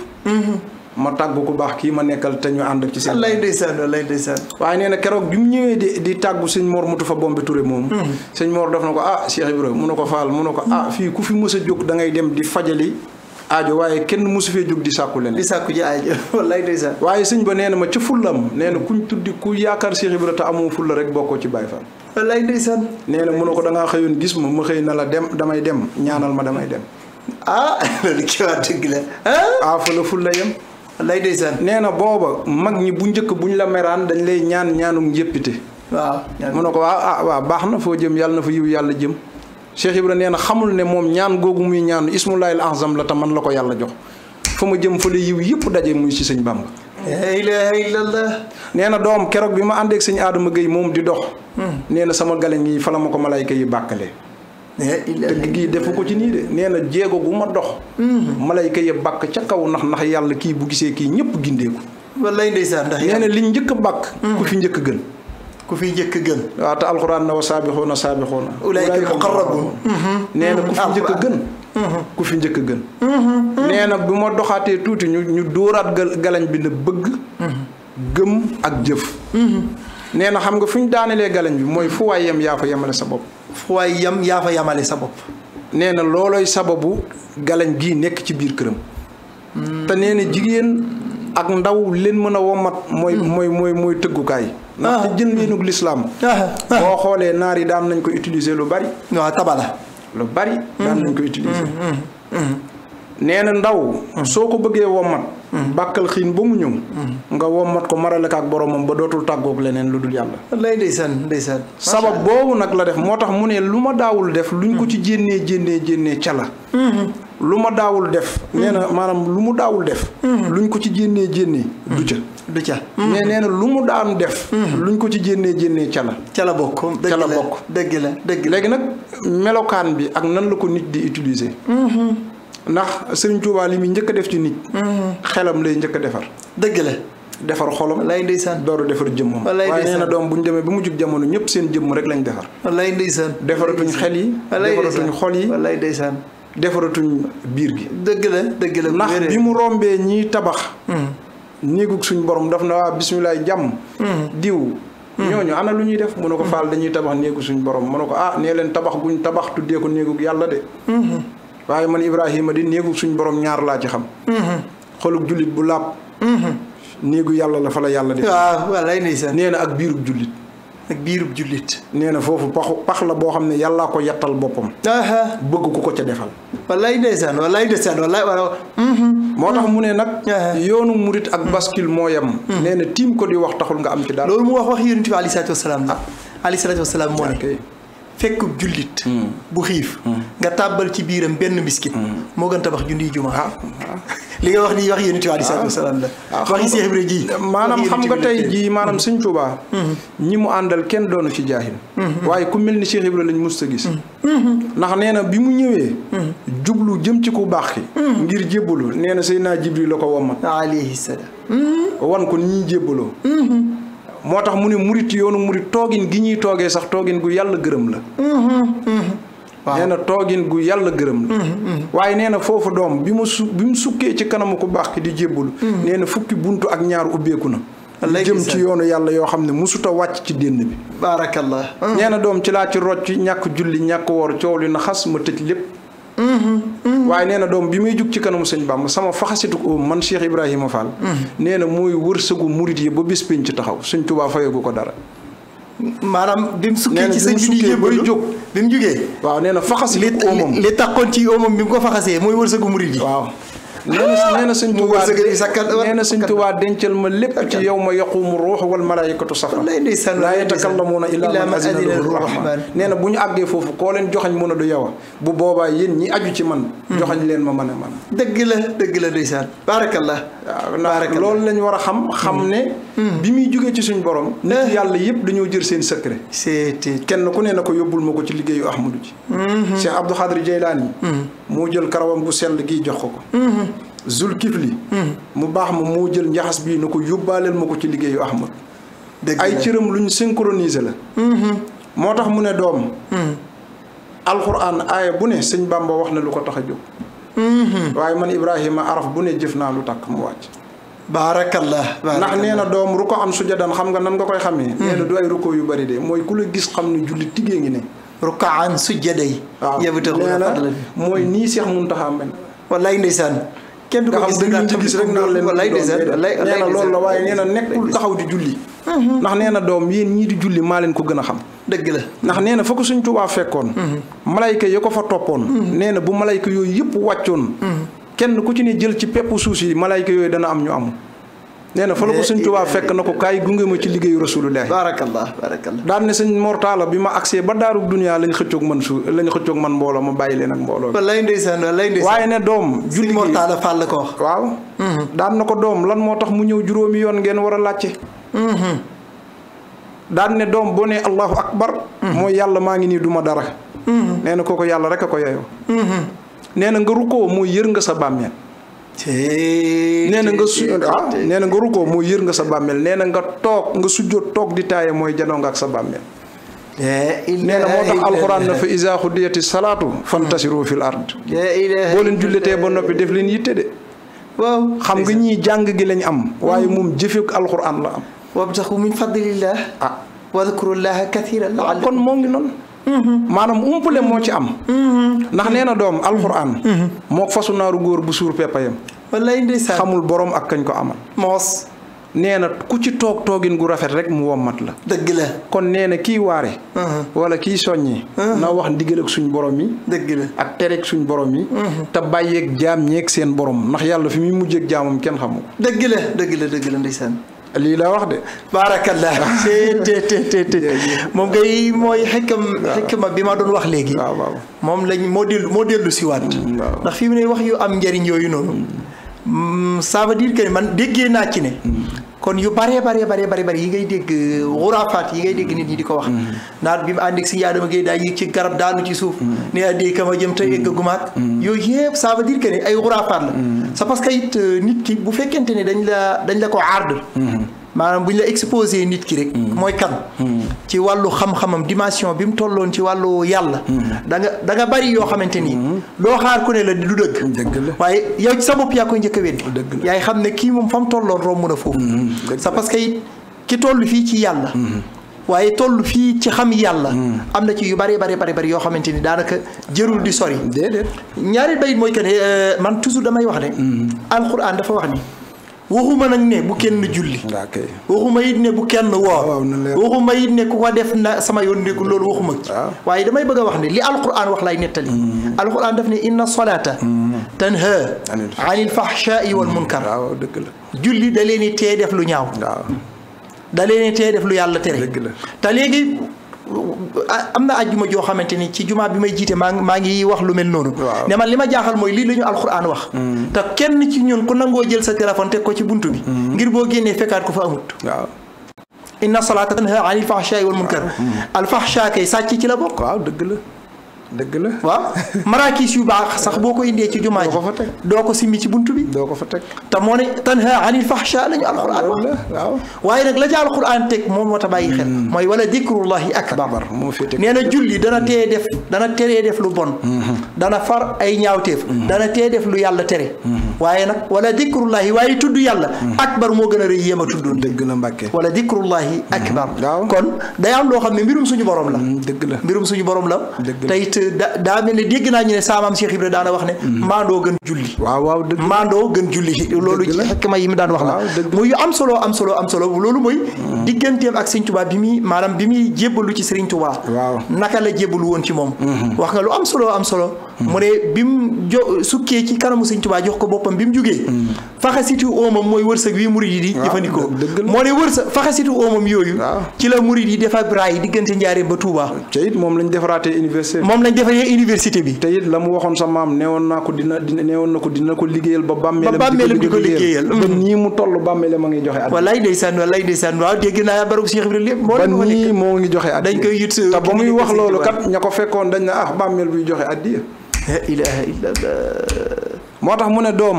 ma tàggu ku baax kii ma nekkal te ñu ànd ci seen. lay ndeysaan lay ndeysaan waaye nee na keroog bi mu ñëwee di di tàggu sëñ Mor mutu fa Bombe Touré moom. Hmm. sëñ Mor def na ko ah ko Fall mu ne ko ah hmm. fii fi mës a jóg da dem di fajali. aajo waaye kenn mosu fee jóg di sàkku leneen. di sàkku ji aajo wallaay ndeysaan. waaye sëñ ba nee na ma ca fullam nee na kuñ tuddi ku yaakaar Cheikh Ibra te amoo fulla rek bokkoo ci Baye Fall. wallaay ndeysaan. nee na mu ne ko da xëyoon gis ma xëy na la dem damay dem ñaanal ma damay dem. ah loolu kii waa dëgg la ah. ah la fulla yem. lay ndeysaan nee na booba mag ñi bu njëkk buñ la meraan dañ lay ñaan ñaanum njéppite waaw mu ne ko waaw ah, ah waaw baax na foo jëm yàlla na fa yiw yàlla jëm Cheikh Ibra nee na xamul ne moom ñaan googu muy ñaan ismullaahil azam la te man la ko yàlla jox fa ma jëm fa la yiw yëpp daje muy si sëñ Bamba laa ilaaha illallaah nee na doom keroog bi ma àndeek sëñ Adama Gueye moom di dox hmm. nee na sama galeñ yi fa la ma ko malayka yi bàkkalee kii eh, defu ko ci nii de euh, nee na jéego gu ma dox hmm. malayka ya bàkk ca kaw ndax ndax yàlla kii bu gisee kii ñëpp gindeeku wallaay ndeysaan ndax nee na liñ njëkk a bàkk hmm. ku fi njëkk gën ku fi njëkk gën waaw te alxuraan na wa saabixoona saabixoona ulaayka muqarrabuun hmm. nee na ku fi njëkk gën ku bu ma doxaatee tuuti ñu ñu dóoraat galañ bi na bëgg gëm ak jëf nee na xam nga fu ñu daanelee galañ bi mooy fu waay yem yaa fa yemale sa bopp fu waay yam yaa fa yamale sa bopp nee na loolooy sababu galañ gii nekk ci biir këram hmm. te nee na jigéen ak ndaw leen mën a womat mooy hmm. mooy mooy mooy tëggukaay ndax te ah. jën leenug lislaam ah. Ah. boo xoolee naar yi daan nañ ko utiliser lu bari waaw tabala lu bari daan nañ ko utiliser hmm. nee na ndaw soo ko bëggee womat bàkkal xiin ba mu ñëw. Hmm. nga wommat ko marale ko ak boromam ba dootul tàggoog leneen lu dul yàlla. lay ndeysaan ndeysaan. sabab boobu nag la def moo tax mu ne lu ma daawul def. luñ ko ci hmm. jénnee jénnee jénnee ca la. Hmm. lu ma daawul def. nee na maanaam lu mu daawul def. luñ ko ci jénnee jénnee du ca. du ca mais nee na lu mu daan def. luñ ko ci jénnee jénnee ca la. ca la bokk ca la bokk dëgg la dëgg léegi nag melokaan bi ak nan la ko nit di utiliser. ndax Serigne Touba li muy njëkk def ci nit. Mm-hmm. xelam lay njëkk defar. dëgg la. defar xolam walaay ndeysaan door a defar jëmmam waaye nee na doom bu ñu demee ba mu jub jamono ñëpp seen jëmm rek lañ defar walaay ndeysaan defaratuñ xel yi defaratuñ xol yi walaay ndeysaan defaratuñ biir gi dëgg la dëgg la ndax bi mu rombee ñiy tabax mm-hmm. néegug suñu borom daf na waa bisimilah jàmm mm-hmm. diw ñooñu ana lu ñuy def mu ne ko faal dañuy tabax néegu suñu borom mu ne ko ah nee leen tabax ñu tabax tuddee ko néegu yàlla de waaye man Ibrahima di néegu suñ borom ñaar laa ci xam. Mm-hmm. xolub jullit bu laab. Mm-hmm. néegu yàlla la fa la yàlla def. waaw waaw lay ndeysaan nee na ak biirub jullit. ak biirub jullit. nee na foofu pax pax la boo xam ne yàllaa ko yattal boppam. bëgg ku ko ca defal. wallaay ndeysaan wallaay ndeysaan wallaay wala. Mm-hmm. moo tax mu ne nag. yoonu murit ak bascule moo yem. nee na tiim ko di wax taxul nga am ci daal. loolu mu wax wax yonent bi alayhi salaatu wa salaam la. Ah. alayhi wa salaam moo ne. fekk jullit. bu xiif. nga tàbbal ci biiram benn miskit. moo gën tabax junniy juma. Ah. li nga wax nii wax yéen tuwaat sallallahu alayhi wasallam la. Ah, ah, waxi Cheikh Ibrahima ji. maanaam xam nga tey jii maanaam sëñ Tuubaa. ñi mu àndal kenn doonu ci jaahil. Mm-hmm. waaye ku mel ni Cheikh Ibrahima lañ mës a gis. Mm-hmm. Mm-hmm. ndax nee na bi mu ñëwee. jublu jëm ci ku baax ki. ngir jébbalu nee na Seydina la ko wommat. alayhi salaam. wan ko ni ñuy jébbaloo. moo tax mu ne murit yoonu murit toogin gi ñuy toogee sax toogin gu yàlla gërëm la waaw nee toogin gu yàlla gërëm la waaye nee na foofu doom bi mu su bi mu sukkee ci kanamu ku baax ki di jébbalu nee fukki bunt ak ñaar ubbeeku na jëm ci yoonu yàlla yoo xam ne musuta wàcc ci dénn bi baarakallah nee doom ci laa ci rocc ñàkk julli ñàkk woor coow li na xas ma tëj lépp waaye nee na doom bi may jug ci kanamu sëñ Bàmba sama faxasitu oom man Cheikh Ibrahima Fall. nee na mooy wërsëgu murit yi ba bis pénc taxaw taxaw sëñ Tuubaa fayagu ko dara. maanaam bi mu sukkee ci sëñ bi ñuy jébbalu jóg bi mu jugee. waaw nee na faxas li li taqoon ci oomam bi mu ko faxasee mooy wërsëgu murit yi waaw. nee na sëñ Tuubaa nee na sëñ Tuubaa dencal ma lépp ci yow ma yaqumu ruux wal malaayikatu safa laa yatakallamuuna illaa man azina lahu rahmaan nee na bu ñu àggee foofu koo leen joxañ mën a du yow bu boobaa yéen ñi aju ci man hmm. joxañ leen ma mën a man dëgg la dëgg la ndeysaan baarakallah waaw ndax loolu lañ war a xam xam mm. ne mm. bi muy jógee ci suñ borom nit eh. yàlla yëpp dañoo jël seen secret c'est kenn ku ne na ko yóbbul ma ko ci liggéeyu ahmadu ji mm-hmm. Cheikh Abdou Khadir Jeylaani mm. moo jël karawam bu sell gi jox ko ko mm-hmm. zul kifli mu baax ma moo jël njaxas bii na ko yóbbaaleel ma ko ci liggéeyu ahmadu ay cëram luñ synchroniser la mm-hmm. moo tax mu ne doom alxuraan aaya bu ne sëñ Bamba wax na lu ko tax a jóg Mm-hmm. waaye man Ibrahima araf bu ne jëf naa lu takk mu wàcc. baarakallah ndax nee na doom ruko am sujadan xam nga nan nga koy xamee. Mm-hmm. nee du ay ruko yu bari de mooy ku la gis xam ne julli tiggee ngi ne. ruko am sujjaday. waaw nee na mooy nii Seex Muntaxa mel. wallaay ndeysaan. kenn du ko gis rek dañuy gis rek noonu lay désert lay nee na loolu la waaye nee na nekkul taxaw di julli ndax nee na doom yéen ñii di julli maa leen ko gën a xam dëgg la ndax nee na fa ko suñ tubaa fekkoon malayka ya ko fa toppoon nee na bu malayka yooyu yëpp wàccoon kenn ku ci ne jël ci pepp suuf si malayka yooyu dana am ñu am nee na la ko sëñ Tuubaa eh, fekk na ko kaay gunge ma ci liggéeyu rasulullaahi barakallah barakallah daan ne sëñ mortaala bi ma agsee ba daaru duniyaa lañ xëccoog man suuf lañ xëccoog man mbooloo ma bàyyi leen ak mbooloo waaye ne doom julli mortaala fàll ko wax waaw mm-hmm. na ko doom lan moo tax mu ñëw juróomi yoon ngeen war a laajte mm-hmm. daan ne doom boo ne allahu akbar mm-hmm. mooy yàlla maa ngi nii duma dara nee na ko yàlla rek a ko yeyoo nee na nga rukkoo mooy yër nga sa bàmmeel nee na nga su ah nee na nga rukkoo mooy yër nga sa bàmmeel nee na nga toog nga sujjóot toog di taaye mooy janoo nga ak sa bàmmeel nee na moo tax alxuraan na fa isa xudiyati salaatu fantasiru fil ard boo leen julletee ba noppi def leen yitte de xam nga ñii jàng gi lañ am waaye mm. moom jëfe alxuraan la am wabtaxu min fadlillah ah wadkurullaha kathiran ah, kon moo ngi noonu maanaam umpule moo ci am mm-hmm. ndax nee na doom alxuraan mm-hmm. moo fasu naaru góor bu suur peppayam wallaay ndeysaan xamul borom ak kañ ko amal moos nee na ku ci toog toogin gu rafet rek mu wommat la dëgg la kon nee na kii waare mm-hmm. wala kii soññi na wax ndigal ak suñ borom yi dëgg la ak tereeg suñ borom yi te bàyyeeg jaam ñeeg seen borom ndax yàlla fi muy mujjeeg jaamam kenn xamu ko dëgg la dëgg la dëgg la ndeysaan lii la wax de baarakallah te te te te moom ngay mooy xekkam xekkama bi ma doon wax léegi moom lañ moo dellu moo dellu ndax fii mu ne wax yu am njariñ yooyu noonu mm. Mm, ça veut dire man déggee naa ci ne mm. kon yu bare bare bare bare bare yi ngay dégg xuraafaat yi ngay dégg nit ñi di ko wax mm. naan bi mu ànd ak si yaadama géey daa yéeg ci garab daanu ci suuf mm. ne addi kama jëm te mm. egg gumaak yooyu yëpp ça veut dire que ne ay xuraafaat la c'est parce que it euh, nit ki bu fekkente ne dañ la dañ la ko aard maanaam bu ñu la exposé nit ki rek mooy kan ci wàllu xam-xamam dimension bi mu tolloon ci wàllu yàlla. Mm-hmm. da nga da nga bari yoo xamante ni. Mm-hmm. loo xaar ku ne la du dëgg. dëgg la waaye yow ci sa bopp yaa koy njëkk a dëgg la yaay xam ne kii moom fa mu tolloon romb na foofu. sa mm-hmm. parce que ki toll fii ci yàlla. waaye toll fii ci xam yàlla. am na ci yu bari bari bari bari yoo xamante ni daanaka jërul di sori. ñaari bayit mooy que ne euh, man toujours damay wax ne. alquran dafa wax ni. waxuma nag ne bu kenn julli. waxuma it ne bu kenn woor. waxuma it ne ku ko def na sama yoon nekku loolu waxuma ci. Ah. waaye damay bëgg a wax ne li alquran wax lay nettali. Mm. alquran daf ne inna solata mm. tanha anil fahshai wal munkar. Mm. waaw dëgg la. julli da leen tee def lu ñaaw. da leen tee def lu yàlla tere. te léegi. am na ajjuma joo xamante ni ci jumaa bi may jiite maa ngi maa ngi wax lu mel noonu. ne man li ma jaaxal mooy lii la ñu alxuraan wax. Mm. te kenn ci ñun ku nangoo jël sa téléphone teg ko ci bunt bi. Mm. ngir boo génnee fekkaat ko fa amut. waaw. inna salaata tanha anil fahshaai wal munkar. Mm. al fahshaa kay sàcc ci la bokk. waaw dëgg la. dëgg la waaw maraakiis yu baax sax boo koy indee ci jumaa ji doo ko fa teg doo ko simmi ci buntu bi doo ko fa teg te moo ne tanha anil fahsha lañu alquran waaw waaye nag la ca alquran teg moom moo ta bàyyi xel hmm. mooy wala dikrullahi akbar nee na julli dana hmm. tee def dana teree def lu bon hmm. dana far ay ñaawteef dana tee def lu yàlla tere waaye nag wala dikrullahi waaye tudd yàlla akbar moo gën a rëy yéem a tudd dëgg la mbàkke wala dikrullahi akbar kon day am loo xam ne mbirum suñu borom la dëgg la mbirum suñu borom la daa mel ne dégg naa ñu ne saamaam Cheikh Ibra daana wax ne mhm. maandoo gën julli waaw waaw dëgg maandoo gën julli loolu ci xekk ma yi mu daan wax la muy yu am solo am solo am solo loolu mooy mhm. digganteem ak Sëriñ Tuubaa bi muy maanaam bi muy jébbalu ci Sëriñ Tuubaa naka la jébbalu woon ci moom mhm. wax nga lu am solo am solo mu ne bi mu jo sukkee ci kanamu sëñ Tuubaa jox ko boppam bi mu jógee mm. faxasitu oomam mooy wërsëg wi murid yi di jëfandikoo moo ne wërsëg faxasitu oomam yooyu ci la murid yi def ak raay diggante Njaaréem ba Touba te moom lañ defaraatee université moom lañ defaree université bi te la mu waxoon sa maam neewoon naa ko dina neewoon na ko dina ko liggéeyal ba bàmmeelam di ko liggéeyal ba mm. nii mu toll bàmmeelam a ngi joxe at wallaay ndeysaan wallaay ndeysaan waaw dégg naa barug Cheikh Ibrahima lépp ba nii moo ngi joxe at dañ te ba muy wax loolu kat ña ko fekkoon dañ na ah bàmmeel buy joxe at la ilaha illa moo tax mu ne doom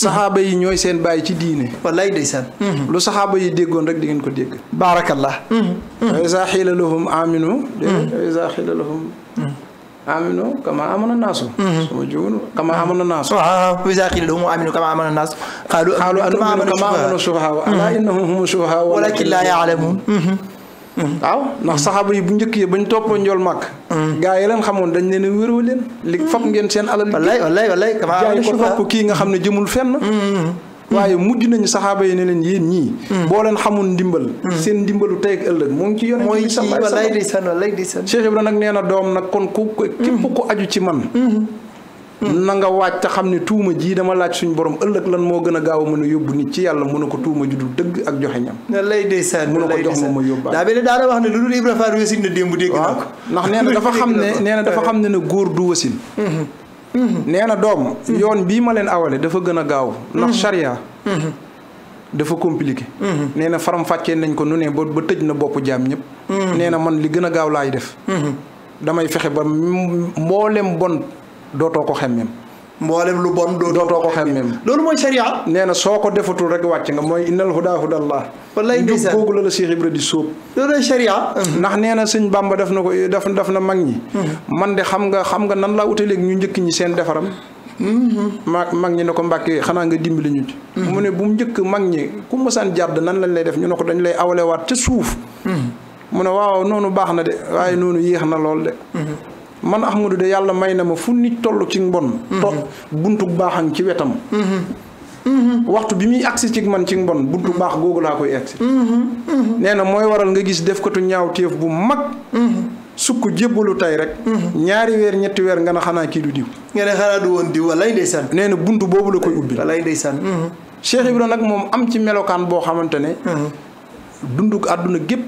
saxaaba yi ñooy seen bàyyi ci diine wallaay ndeysaan mm-hmm. lu saxaaba yi déggoon rek di ngeen ko dégg baarakallah mm-hmm. wa isa xiila lahum aminu dé mm-hmm. wa isa xiila lahum aminu kama amana naasu suma juun kama amana naasu aminu kama amana naasu qaalu qaalu anuminu kama amana sufahaa ala innahum humu waaw ndax saxaaba yi bu njëkk yi ñu toppoo njool màkk mm. gaa yi leen xamoon dañ leen a wéroo leen li mm. fab ngeen seen alal wallaay wallaay wallaay ko topp kii nga xam ne jëmul fenn mm, waaye mujj nañu saxaaba yi ne leen yéen ñii boo leen xamoon ndimbal seen ndimbalu tey ak ëllëg moo ngi ci yonent bi sallallahu alayhi wasallam Cheikh Ibrahima nag nee na doom nag kon ku képp ku aju ci man na nga waaj te xam ne tuuma ji dama laaj suñu borom ëllëg lan moo gën a gaaw a mën a yóbbu nit ci yàlla mën a ko tuuma ju dul dëgg ak joxe ñam. ne lay a ko jox moom ma na démb dégg naa ko. ndax nee na dafa xam ne nee na dafa xam ne ne góor du wasin. Mm-hmm. nee doom. Mm-hmm. yoon bii ma leen awale dafa gën a gaaw. ndax charia. Mm-hmm. dafa compliqué. nee na faram fàccee nañ ko nu ne ba ba tëj na bopp jaam ñëpp. nee na man li gën a gaaw laay def. damay fexe ba mboolem bon dootoo ko xemmem mboolem lu bon dootoo ko xemmem loolu mooy sharia nee na soo ko defatul rek wàcc nga mooy innal hudaa hudallah wallaay njub googu la la Cheikh ndax nee na sëñ Bàmba def na ko def na mag ñi mm-hmm. man de xam nga xam nga nan laa utaleeg ñu njëkk ñi seen defaram mm-hmm. mag mag ñi ne ko mbàkke xanaa nga dimbali ñu ci mm-hmm. mu ne bu mu njëkk mag ñi ku mësaan jàdd nan lañ lay def ñu ne ko dañ lay awalewaat ca suuf mu ne waaw noonu baax na de waaye noonu yéex na lool de man Ahmadou de yàlla may na ma fu nit toll ci mbon mhm. to buntu baaxan ci wetam mhm. Mhm. waxtu bi muy agsi ci man ci mbon buntu baax googu laa koy agsi nee na mooy waral nga gis def katu ñaaw téef bu mag sukk jébbalu tey rek ñaari weer ñetti weer nga ne xanaa kii du diw nga ne xanaa du nee na buntu boobu la koy ubbi walaay ndeysaan Cheikh Ibra nag moom am ci melokaan boo xamante ne dunduk àdduna gépp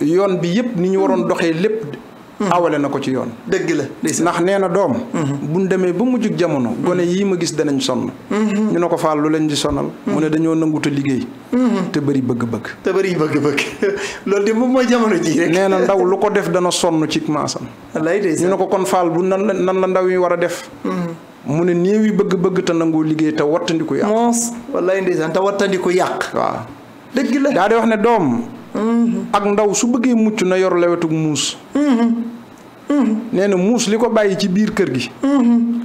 yoon bi yëpp ni ñu waroon doxee lépp awale na ko ci yoon. dëgg la ndax nee na doom. Mhm. bu ñu demee ba mujjug jamono. gone yii ma gis danañ sonn. Mhm. ñu ne ko faal lu leen di sonal. mu ne mhm. dañoo nangut liggéey. te bëri bëgg-bëgg. te bëri bëgg-bëgg loolu de moom mooy jamono ji nee na ndaw lu ko def dana sonn ci maasam. ñu ne ko kon faal bu nan la nan la ndaw yi war a def. mu ne néew yi bëgg-bëgg te nangoo liggéey te wattandiku yàq. moos wallaay ndeysaan te wattandiku yàq. waaw dëgg la daa di wax ne doom. Mm-hmm. ak ndaw su bëggee mucc na yor lewetug muus mm-hmm. Mm-hmm. nee na muus li ko bàyyi ci biir kër gi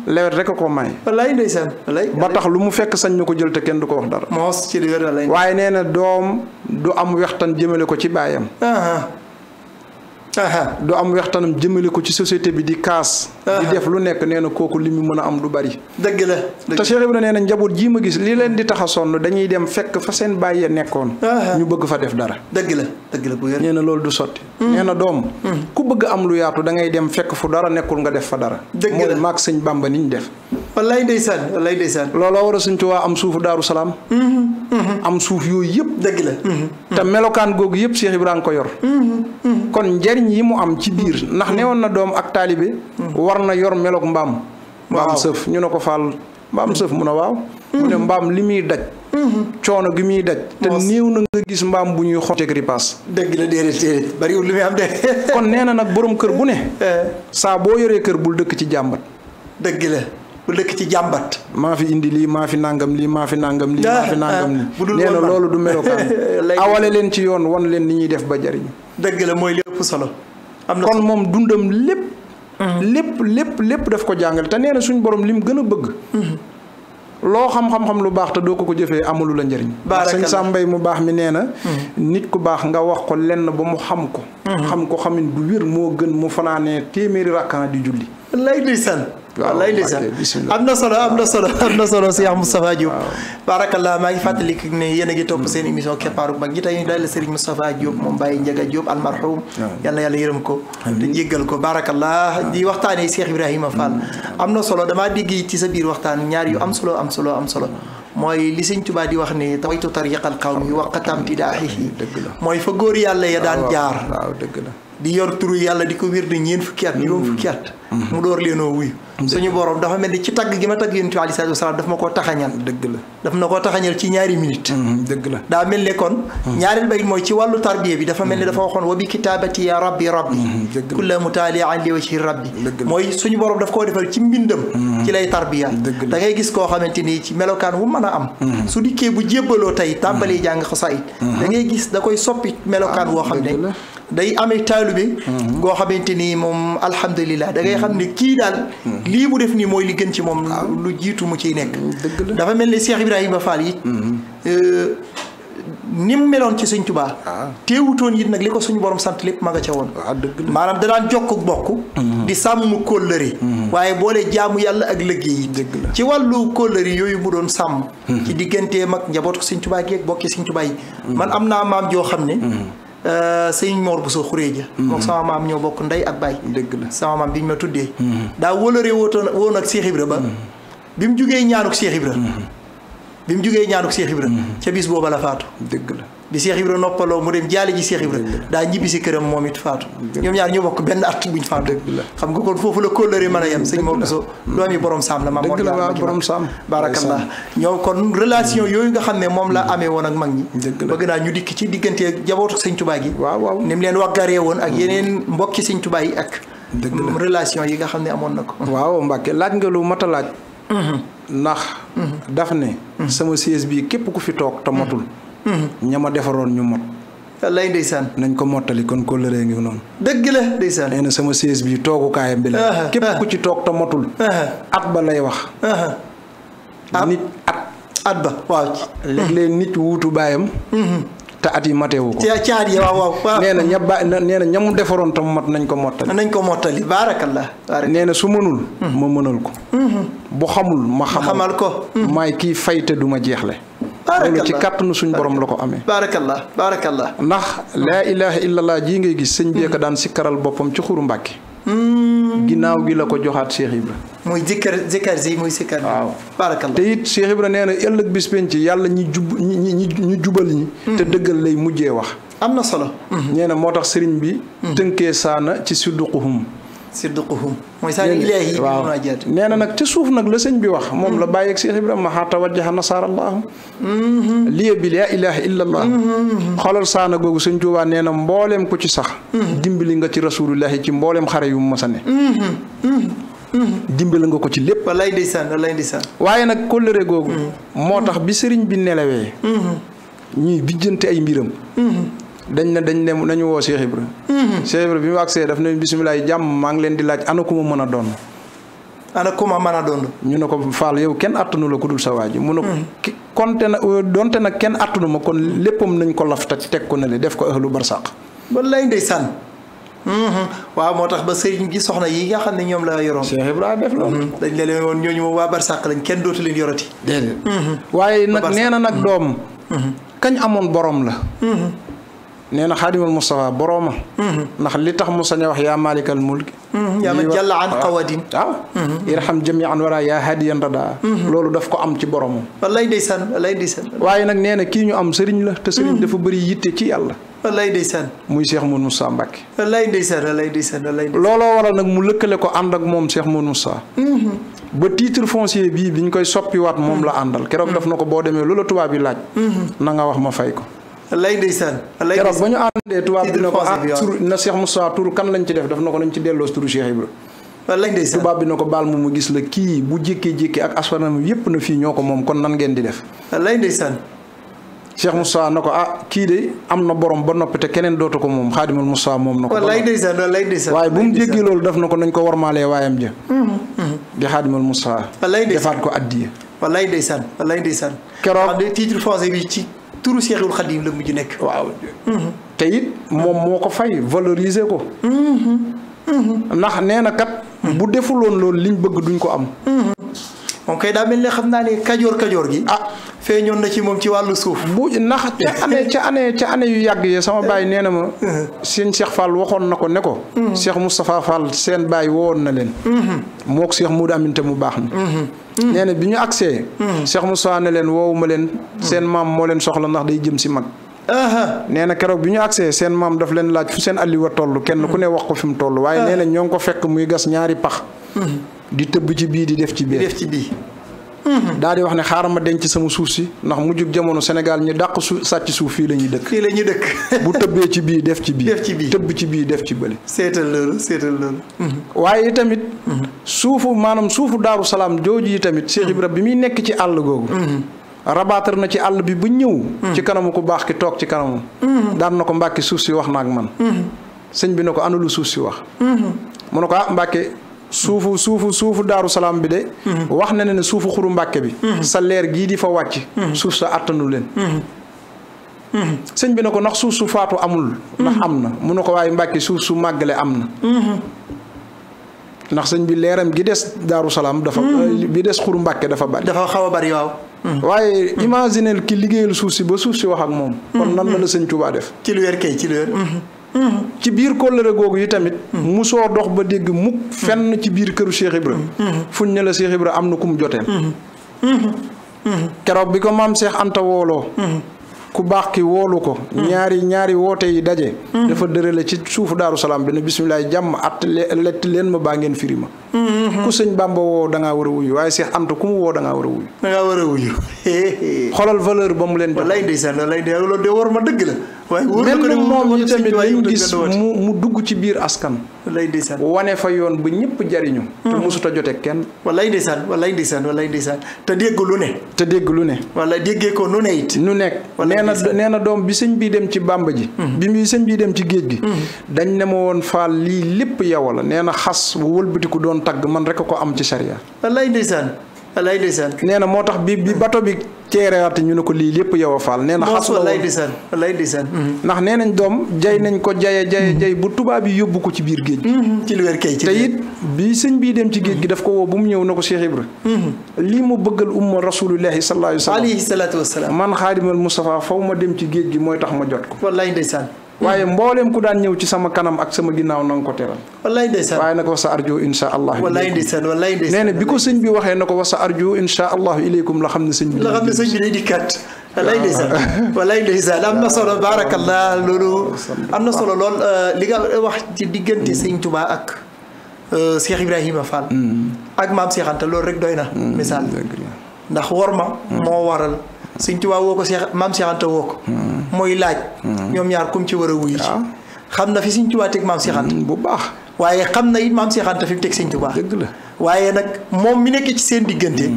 lewet rekk a ko may wallaay ndeysaan wallaay ba tax lu mu fekk sañ na ko jël te kenn du ko wax dara moos ci waaye nee na doom du am wextan jëmale ko ci baayam ah, ah. du am waxtaanam jëmale ko ci société bi di kaas. di def lu nekk nee na kooku li mu mën a am du bari. dëgg la dëgg te Cheikh Ibrahima nee na njaboot jii ma gis li leen di tax a sonn dañuy dem fekk fa seen bàyyee nekkoon. ñu bëgg fa def dara. dëgg la dëgg la bu wér. nee na loolu du sotti. Mm. nee na doom. Mm. ku bëgg am lu yaatu da ngay dem fekk fu dara nekkul nga def fa dara. dëgg la mooy maag sëñ Bàmba ni ñu def. wallaay ndeysaan wallaay ndeysaan. looloo war a suñ tuwaa am suufu daaru salaam. Mm-hmm, mm-hmm. am suuf yooyu yëpp. dëgg la. Mm-hmm, te melokaan googu yëpp Cheikh Ibrahima ko yor. kon njëriñ njëriñ yi mu am ci biir ndax hmm. newoon na doom ak taalibe hmm. war na yor meloog mbaam mbaam sëf ñu ne ko faal mbaam sëf mun a waaw mu ne hmm. mbaam li muy daj coono gi muy daj te néew na nga gis mbaam bu ñuy xotteeg ripaas dëgg la déedéet déedéet bariwul li muy am de kon nee na nag boroom kër bu ne eh. saa boo yoree kër bul dëkk ci jàmbat dëgg la ku ci jàmbat. maa fi indi lii maa fi nangam lii maa fi nangam lii maa fi ah, nangam ah, na loolu du melokaan. awale leen ci yoon wan leen ni ñuy def ba jariñu. dëgg la mooy lépp solo. am na kon moom dundam lépp. Mm-hmm. lépp lépp lépp daf ko jàngale te nee na suñu borom li mu gën a bëgg. Mm-hmm. loo xam xam lu baax te doo ko ko jëfee amulu la njëriñ sëñ sàmbay mu baax mi nee na mm-hmm. nit ku baax nga wax ko lenn ba mu xam ko xam ko xamin du wér moo gën mu fanaanee téeméeri rakkan di julli lay wallaay ndeysaan am na solo am na solo am na solo Cheikh Moustapha Diop barakallah maa ngi fàttali ne yéen a ngi topp seen émission keppaaru mag ñi tey daal la Serigne Moustapha Diop moom Baye Ndiaga Diop almarhum yal na yàlla yërëm ko te jéggal ko barakallah di waxtaanee Cheikh Ibrahima Fall am na solo damaa dégg ci sa biir waxtaan ñaar yu am solo am solo am solo mooy li Sëñ Tuubaa di wax ta ni tawaytu tariqal qawmi waqatamtidaahihi mooy fa góor yàlla ya daan jaar dëgg la di yor turu yàlla di ko wér di ñeen fukki at juróom fukki at mu door leenoo wuyu suñu borom dafa mel ni ci tagg gi ma tagg yonent bi aleyhi salaatu wa daf ma koo taxañal dëgg la daf na koo taxañal ci ñaari minute mm-hmm. dëgg la daa mel ne kon mm-hmm. ñaareel bayit mooy ci wàllu tarbiya bi dafa mel ne mm-hmm. dafa waxoon wa bi kitaabati ya rabbi rabbi kulla mutaalian li wajhi rabbi mooy suñu borom daf koo defal ci mbindam ci lay tarbiya da ngay gis koo xamante ni ci melokaan wu mën a am su dikkee bu jébbaloo tey tàmbalee jàng xasaayid da ngay gis da koy soppi melokaan woo xam ne day amee bi ngoo xamante ni moom alhamdulilah da ngay xam ne kii daal lii mu def nii mooy li ci moom lu jiitu mu ciy nekk dafa mel ni Cheikh Ibrahima Fall yi euh, ni mu meloon ci sëñ Tuubaa ah. teewutoon it nag li ko suñu borom sant lépp ma nga ca woon ah, maanaam danaan jokk bokk mm-hmm. di sàmm kóllëre mm-hmm. waaye boole jaamu yàlla ak liggéey yi ci wàllu kóllëre yooyu mu doon sàmm mm-hmm. ci diggantee mag njabootu sëñ Tuubaa gi ak bokki sëñ Tuubaa yi man am naa maam joo xam ne Euh, sëñ Mor Bousso Khourédia moom mhm. sama maam ñoo bokk ndey ak baay dëgg la sama maam bi ñu ma tuddee mhm. daa wëlëree wootoon woon ak Cheikh Ibra ba mhm. bi mu jugee ñaanuk Cheikh Ibra bi mu jugee ñaanuk Cheikh Ibra ca bis boobu la faatu dëgg la bi Cheikh Ibra noppaloo mu dem jaale ji Cheikh Ibra daa ñibbi si këram moom it faatu ñoom ñaar ñoo bokk benn at buñ faatu xam nga kon foofu la kóllëre mën a yem sëñ Maodo So mm. doomi borom saam la ma moom borom yooyu nga xam ne moom la mm. amee woon ak mag ñi bëgg naa ñu dikk ci diggante jabootu sëñ Tuubaa gi waaw waaw ni mu leen waggaree woon ak mm. yeneen mbokki sëñ Tuubaa yi ak relation yi nga xam ne amoon na ko waaw Mbàkke laaj nga lu mat a laaj mm-hmm. ndax mm-hmm. daf ne mm-hmm. sama siège bi képp ku fi toog te matul Hmm. ña ma defaroon ñu mot. wallaay ndeysaan nañ ko mottali kon kóllëree ngi noonu. dëgg sama siis bi toogukaayam bi la. Ah, ah. képp ku ci toog te motul. Ah, at ba lay wax. nit at. at ba waaw. léeg nit wuutu baayam. Hmm. te at yi mateewu ko. caar yi waaw ñamu defaroon tam mot nañ ko mottali. nañ ko mottali baarakallah. nee su mënul. Hmm. ma mënal ko. bu xamul ma. xamal ko maay kii fayte du ma jeexle. loolu ci kàttanu suñ borom la ko amee. baarakallah baarakallah. ndax laa ilaha illallah jii ngay gis sëñ bi ko daan sikkaral boppam ci xuru Mbàkke. Hmm. ginnaaw gi la ko joxaat Cheikh Ibra. muy zikkar zikkar si muy sikkar. waaw baarakallah te it Cheikh nee na ëllëg bis penc ci yàlla ñi jub ñi ñi ñu jubal ñi. Hmm. te dëggal lay mujjee wax. am na solo. nee na moo tax sëriñ bi. Hmm. tënkee saana ci sidduquhum sidquhum mooy saa ilaahi waaw nee na nag ci suuf nag la sëñ bi wax moom la bàyyeeg Seex Ibrahima maa tawajjaha nasaara allaahum mm-hmm. liya bi laa ilaaha illa allah mm-hmm. xoolal saana googu sëñ Tuubaa nee na mbooleem ko ci sax mm-hmm. dimbali nga ci rasulullahi ci mbooleem xare yu mu mës a ne nga ko ci lépp wallaay ndeysaan wallaay ndeysaan waaye nag kóllëre googu moo tax bi sëriñ bi nelawee ñuy bijjante ay mbiram dañ ne dañ ne nañu woo Cheikh Ibra mhm. Cheikh Ibra bi mu agsee daf ne bisimilah jàmm maa ngi leen di laaj ana ku ma mën a doon. ana ku ma a doon. ñu ne ko Fall yow kenn attanu la ku sa waa ji. mu ne ko mhm. konte na euh, donte nag kenn attanu ma kon léppam nañ ko lafta teg ko ne le def ko ahlu barsaq. wallaay ndeysaan. Mhm. waaw moo tax ba sëriñ gi soxna yi nga xam ne ñoom la yoroon. Cheikh Ibrahima def loolu. dañ la leen woon ñooñu moom waa barsaq lañ kenn dootu leen yorati. déedéet. waaye nag nee na nag doom. kañ amoon borom la. nee na xaadimal Moustapha borooma mhm. ndax li tax mu sañ a wax yaa maalikal mulk yaa man jàll an qawadin ah. waaw mhm. irham jami an wara yaa hadiyan rada mhm. loolu daf ko am ci boroomam wallaay ndeysaan wallaay ndeysaan waaye nag nee na kii ñu am sëriñ la te sëriñ dafa bëri yitte ci yàlla wallaay ndeysaan muy Cheikh Moun Moussa Mbacke wallaay ndeysaan wallaay ndeysaan wallaay looloo waral nag mu lëkkale ko ànd ak moom seex Moun Moussa ba titre foncier bii bi ñu koy soppiwaat moom la àndal keroog daf na ko boo demee lu la tubaab bi laaj na wax ma fay ko lay ndeysaan keroog ba ñu àndee tubaab bi na ko ah tur na Cheikh Moussa tur kan lañ ci def ko na ko baal mu mu gis la kii bu jékkee-jékkee ak asfanam yépp na fii ñoo ko moom kon nan di def lay ndeysaan na ko ah kii de am na borom ba noppi te keneen dootu ko moom xaadimal Moussa moom na ko lay ndeysaan lay ndeysaan waaye bu mu jéggee loolu daf na ko nañ ko warmaalee waayam mu mm-hmm, mm-hmm. di xaadimal Moussa defaat ko addiya wallaay ndeysaan wallaay ndeysaan keroog ah, titre foncé bi ci turu Seexul Xadiim la mujj nekk. waaw mhm. te moom moo ko fay valoriser ko. Mhm. Mhm. ndax nee na kat. bu defuloon loolu liñ bëgg duñ ko am. moom kay daa mel ne xam naa ne kajoor kajoor gi. Ah, ñoon na ci moom ci wàllu suuf. bu ndax ca année ca année yu yàgg yee sama baay nee na ma. seen Cheikh Fall waxoon na ko ne ko. Cheikh Moustapha Fall seen baay wowoon na leen. moo ko Cheikh Moudou Aminta mu baax na. nee na bi ñu agsee. Cheikh Moustapha ne leen woowu ma leen. seen maam moo leen soxla ndax day jëm si mag. nee na keroog bi ñu agsee seen maam daf leen laaj fu seen alliwa toll kenn ku ne wax ko fi mu toll waaye nee na ñoo ko fekk muy gas ñaari pax. di tëbb ci bii di def ci bii. daal wax ne xaaral ma denc sama suuf si ndax mujjug jamono Sénégal ñu dàq suuf sàcc suuf fii la ñuy dëkk. fii la ñuy dëkk. bu tëbbee ci bii def ci bii. def ci bii tëbb ci bii def ci bële. seetal loolu seetal loolu. Mhm. waaye tamit. suufu maanaam suufu Daaru Salaam jooju yi tamit. Cheikh Ibra bi muy nekk ci àll googu. Mhm. rabaatar na ci àll bi ba ñëw. Mhm. ci kanamu ku baax ki toog ci kanamu. daan na ko mbàkki suuf si wax na ak man. sëñ bi na ko ana suuf si wax. mu ne ko ah mbàkke suufu suufu suufu daaru salaam bi de. Mhm. wax na ne ne suufu xuru mbàkke bi. Mhm. sa leer gii di fa wàcc. Mhm. suuf sa àttanu leen. sëñ bi ne ko ndax suuf su faatu amul. ndax am na mu ne ko waaye mbàkke suuf su màggale am na. ndax sëñ bi leeram gi des daaru salaam dafa. bi des xuru mbàkke dafa bari. dafa xaw a bari waaw. waaye imagineel ki liggéeyal suuf si ba suuf si wax ak moom. kon nan la la sëñ Tuubaa def. ci lu wér kay ci ci biir kóllëre googu yi tamit. musoo dox ba dégg mukk fenn ci biir këru Cheikh Ibra. fuñ ne la Cheikh Ibra am na ku mu jotee. Mm-hmm. Mm-hmm. Mm-hmm. keroog bi ko maam Cheikh Anta wooloo. ku baax ki woolu ko. Hmm. ñaari ñaari woote yi daje. Hmm. dafa dërale ci suufu daaru bi ne bisimilah jàmm at letti leen ma baa ngeen firi ma. Hmm, ku sëñ Bamba woo da ngaa war a wuyu waaye Cheikh Anta ku mu woo da ngaa war a wuyu. da ngaa war a wuyu. xoolal valeur ba mu leen jox. walaay ndeysaan walaay de loolu de war ma dëgg la. waaye wóor na ko de moom mu dugg ci biir askan. walaay ndeysaan wane fa yoon ba ñëpp jariñu. te mosut a jote kenn. walaay ndeysaan walaay ndeysaan walaay ndeysaan te dégg lu ne. te dégg lu ne. wala déggee ko nu ne it. nu nekk na nee na doom bi sëñ bi dem ci bàmba ji mm-hmm. bi muy sëñ bi dem ci géej gi mm-hmm. dañ ne ma woon faal lii lépp yow la nee na xas bu doon tagg man rek a ko am ci sariya wallaay ndeysaan walaay ndeysaan. nee na moo tax bi bi bato bi ceerewaate ñu ne ko lii lépp yow a faal. nee na xas walaay ndeysaan walaay ndeysaan. Mm-hmm. ndax nee nañ doom jay nañ ko jaye jaye mm-hmm. jay bu tubaab yi yóbbu ko ci biir géej gi. Mm-hmm. ci lu wér kay bi sëñ bii dem ci géej gi daf ko woo bu mu ñëw na ko Cheikh Ibra. lii mu bëggal umma rasulillahi sallallahu alayhi wa sallam. man xaadimal Mustafa faw ma dem ci géej gi mooy tax ma jot ko. walaay ndeysaan. waaye mbooleem ku daan ñëw ci sama kanam ak sama ginnaaw na nga ko teral waaye na ko wasa arju insha allah wallaay ndeysaan wallaay ndeysaan nee na bi ko sëñ bi waxee na ko wasa arju insha allah ileykum la xam ne la xam ne sëñ bi day dikkaat wallaay ndeysaan wallaay ndeysaan am na solo barakallah loolu am na solo lool euh, li wax ci diggante sëñ tubaa ak euh, Cheikh Ibrahima Fall mm. ak maam Cheikh loolu rek doy na mm. misaal ndax ma mm. moo waral sëñ Tuubaa woo ko Seex maam Seex Anta woo ko hmm. mooy laaj hmm. ñoom ñaar kum ci war a wuyu ci ah. xam na fi sëñ Tuubaa teg maam Seex Anta hmm, bu baax waaye xam na it maam Seex fi mu teg sëñ Tuubaa dëgg la waaye nag moom mi nekk ci seen diggante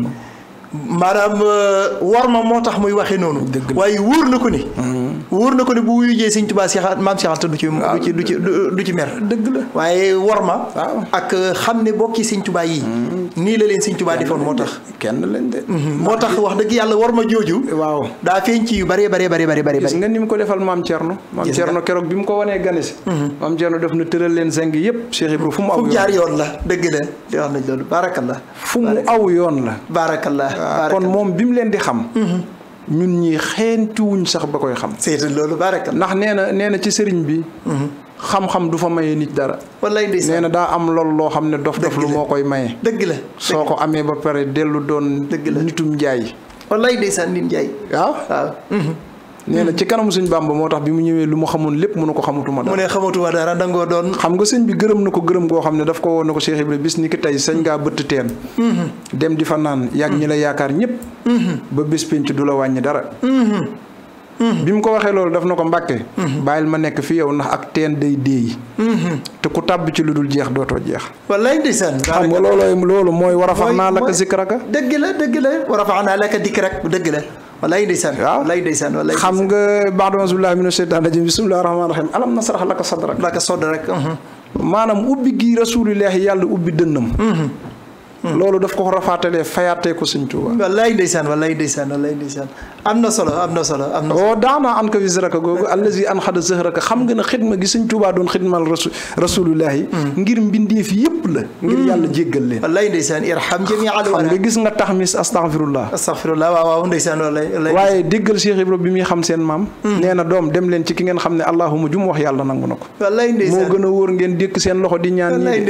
maanaam euh, war ma moo tax muy waxee noonu waaye wóor na ko ni wóor na ko ne bu wuyu jee sëñ Tuubaa Seex maam Seex Anta du ci du ci du ci mer dëgg la waaye war ma ak xam ne bokki sëñ Tuubaa yi mm-hmm. nii la leen sëñ Tuubaa defoon moo tax kenn leen de mm-hmm. moo tax wax dëgg yàlla war ma jooju waaw daa feeñ ci yu bare bëree bëri bëri bëri gis nga ni mu ko defal maam Cerno maam Cerno keroog bi mu ko wanee ganesi mm-hmm. maam Cerno def na tëral leen zeng yëpp Cheikh Ibra fu mu aw jaar yoon la dëgg la di wax nañ loolu baarakallah fu aw yoon la baarakallah kon moom bi mu leen di xam ñun ñi xeentiwuñ sax ba koy xam. seetal loolu baraka ndax nee na nee na ci sëriñ bi. Mhm. xam-xam du fa maye nit dara. wallaay ndeysaan nee na daa am lool loo xam ne dof dof lu moo koy maye. dëgg la soo ko amee ba pare dellu doon. dëgg la nitum njaay. wallaay ndeysaan nit njaay. Ah? waaw waaw. Mhm. nee na hmm. ci kanamu suñ Bàmba moo tax bi mu ñëwee lu mu xamoon lépp mu ne ko xamatuma dara mu ne xamatuma dara dangoo doon xam nga sëñ bi gërëm na ko gërëm goo xam ne daf ko woon na ko Cheikh Ibrahima bis ni ki tey sañ ngaa bëtt teen hmm. dem di fa naan yàgg ñi hmm. yaakaar ñëpp ba bés pénc du la wàññi dara bi mu ko waxee loolu daf na ko mbàkke bàyyil ma nekk fi yow ndax ak teen day te ku tàbb ci lu dul jeex dootoo jeex wallaay ndeysaan xam nga loolooy loolu mooy war a fax naa laka zikraka dëgg la dëgg la war a fax naa laka dikraka dëgg la walaay ndeysaan waaw walaay ndeysaan walaay xam nga baadu asubillahi mina sheytaan rajim bismillahi rahmaani rahim alam nasrah laka sadrak laka sadrak uh-huh. maanaam ubbi gi rasulillahi yàlla ubbi dënnam mm-hmm. loolu daf ko rafaatalee fayaatee ko Sëñ Tuuba. wallaay ndeysaan wallaay ndeysaan wallaay ndeysaan am na solo am na solo am na solo. oo oh, daanaa an ka wisraka googu allazi an xada zahraka xam nga ne xidma gi Sëñ Tuuba doon xidmal rasu rasulullahi mm. ngir mbindeef yëpp la. ngir mm. yàlla jéggal leen. wallaay ndeysaan irham nga gis nga taxmis astaghfirullah. astaghfirullah waaw waaw waaye déggal Cheikh bi muy xam seen maam. Mm. nee doom dem ci ki ngeen xam ne allahuma jum wax yàlla nangu na ko. moo gën a wóor ngeen dékk seen loxo di ñaan ñii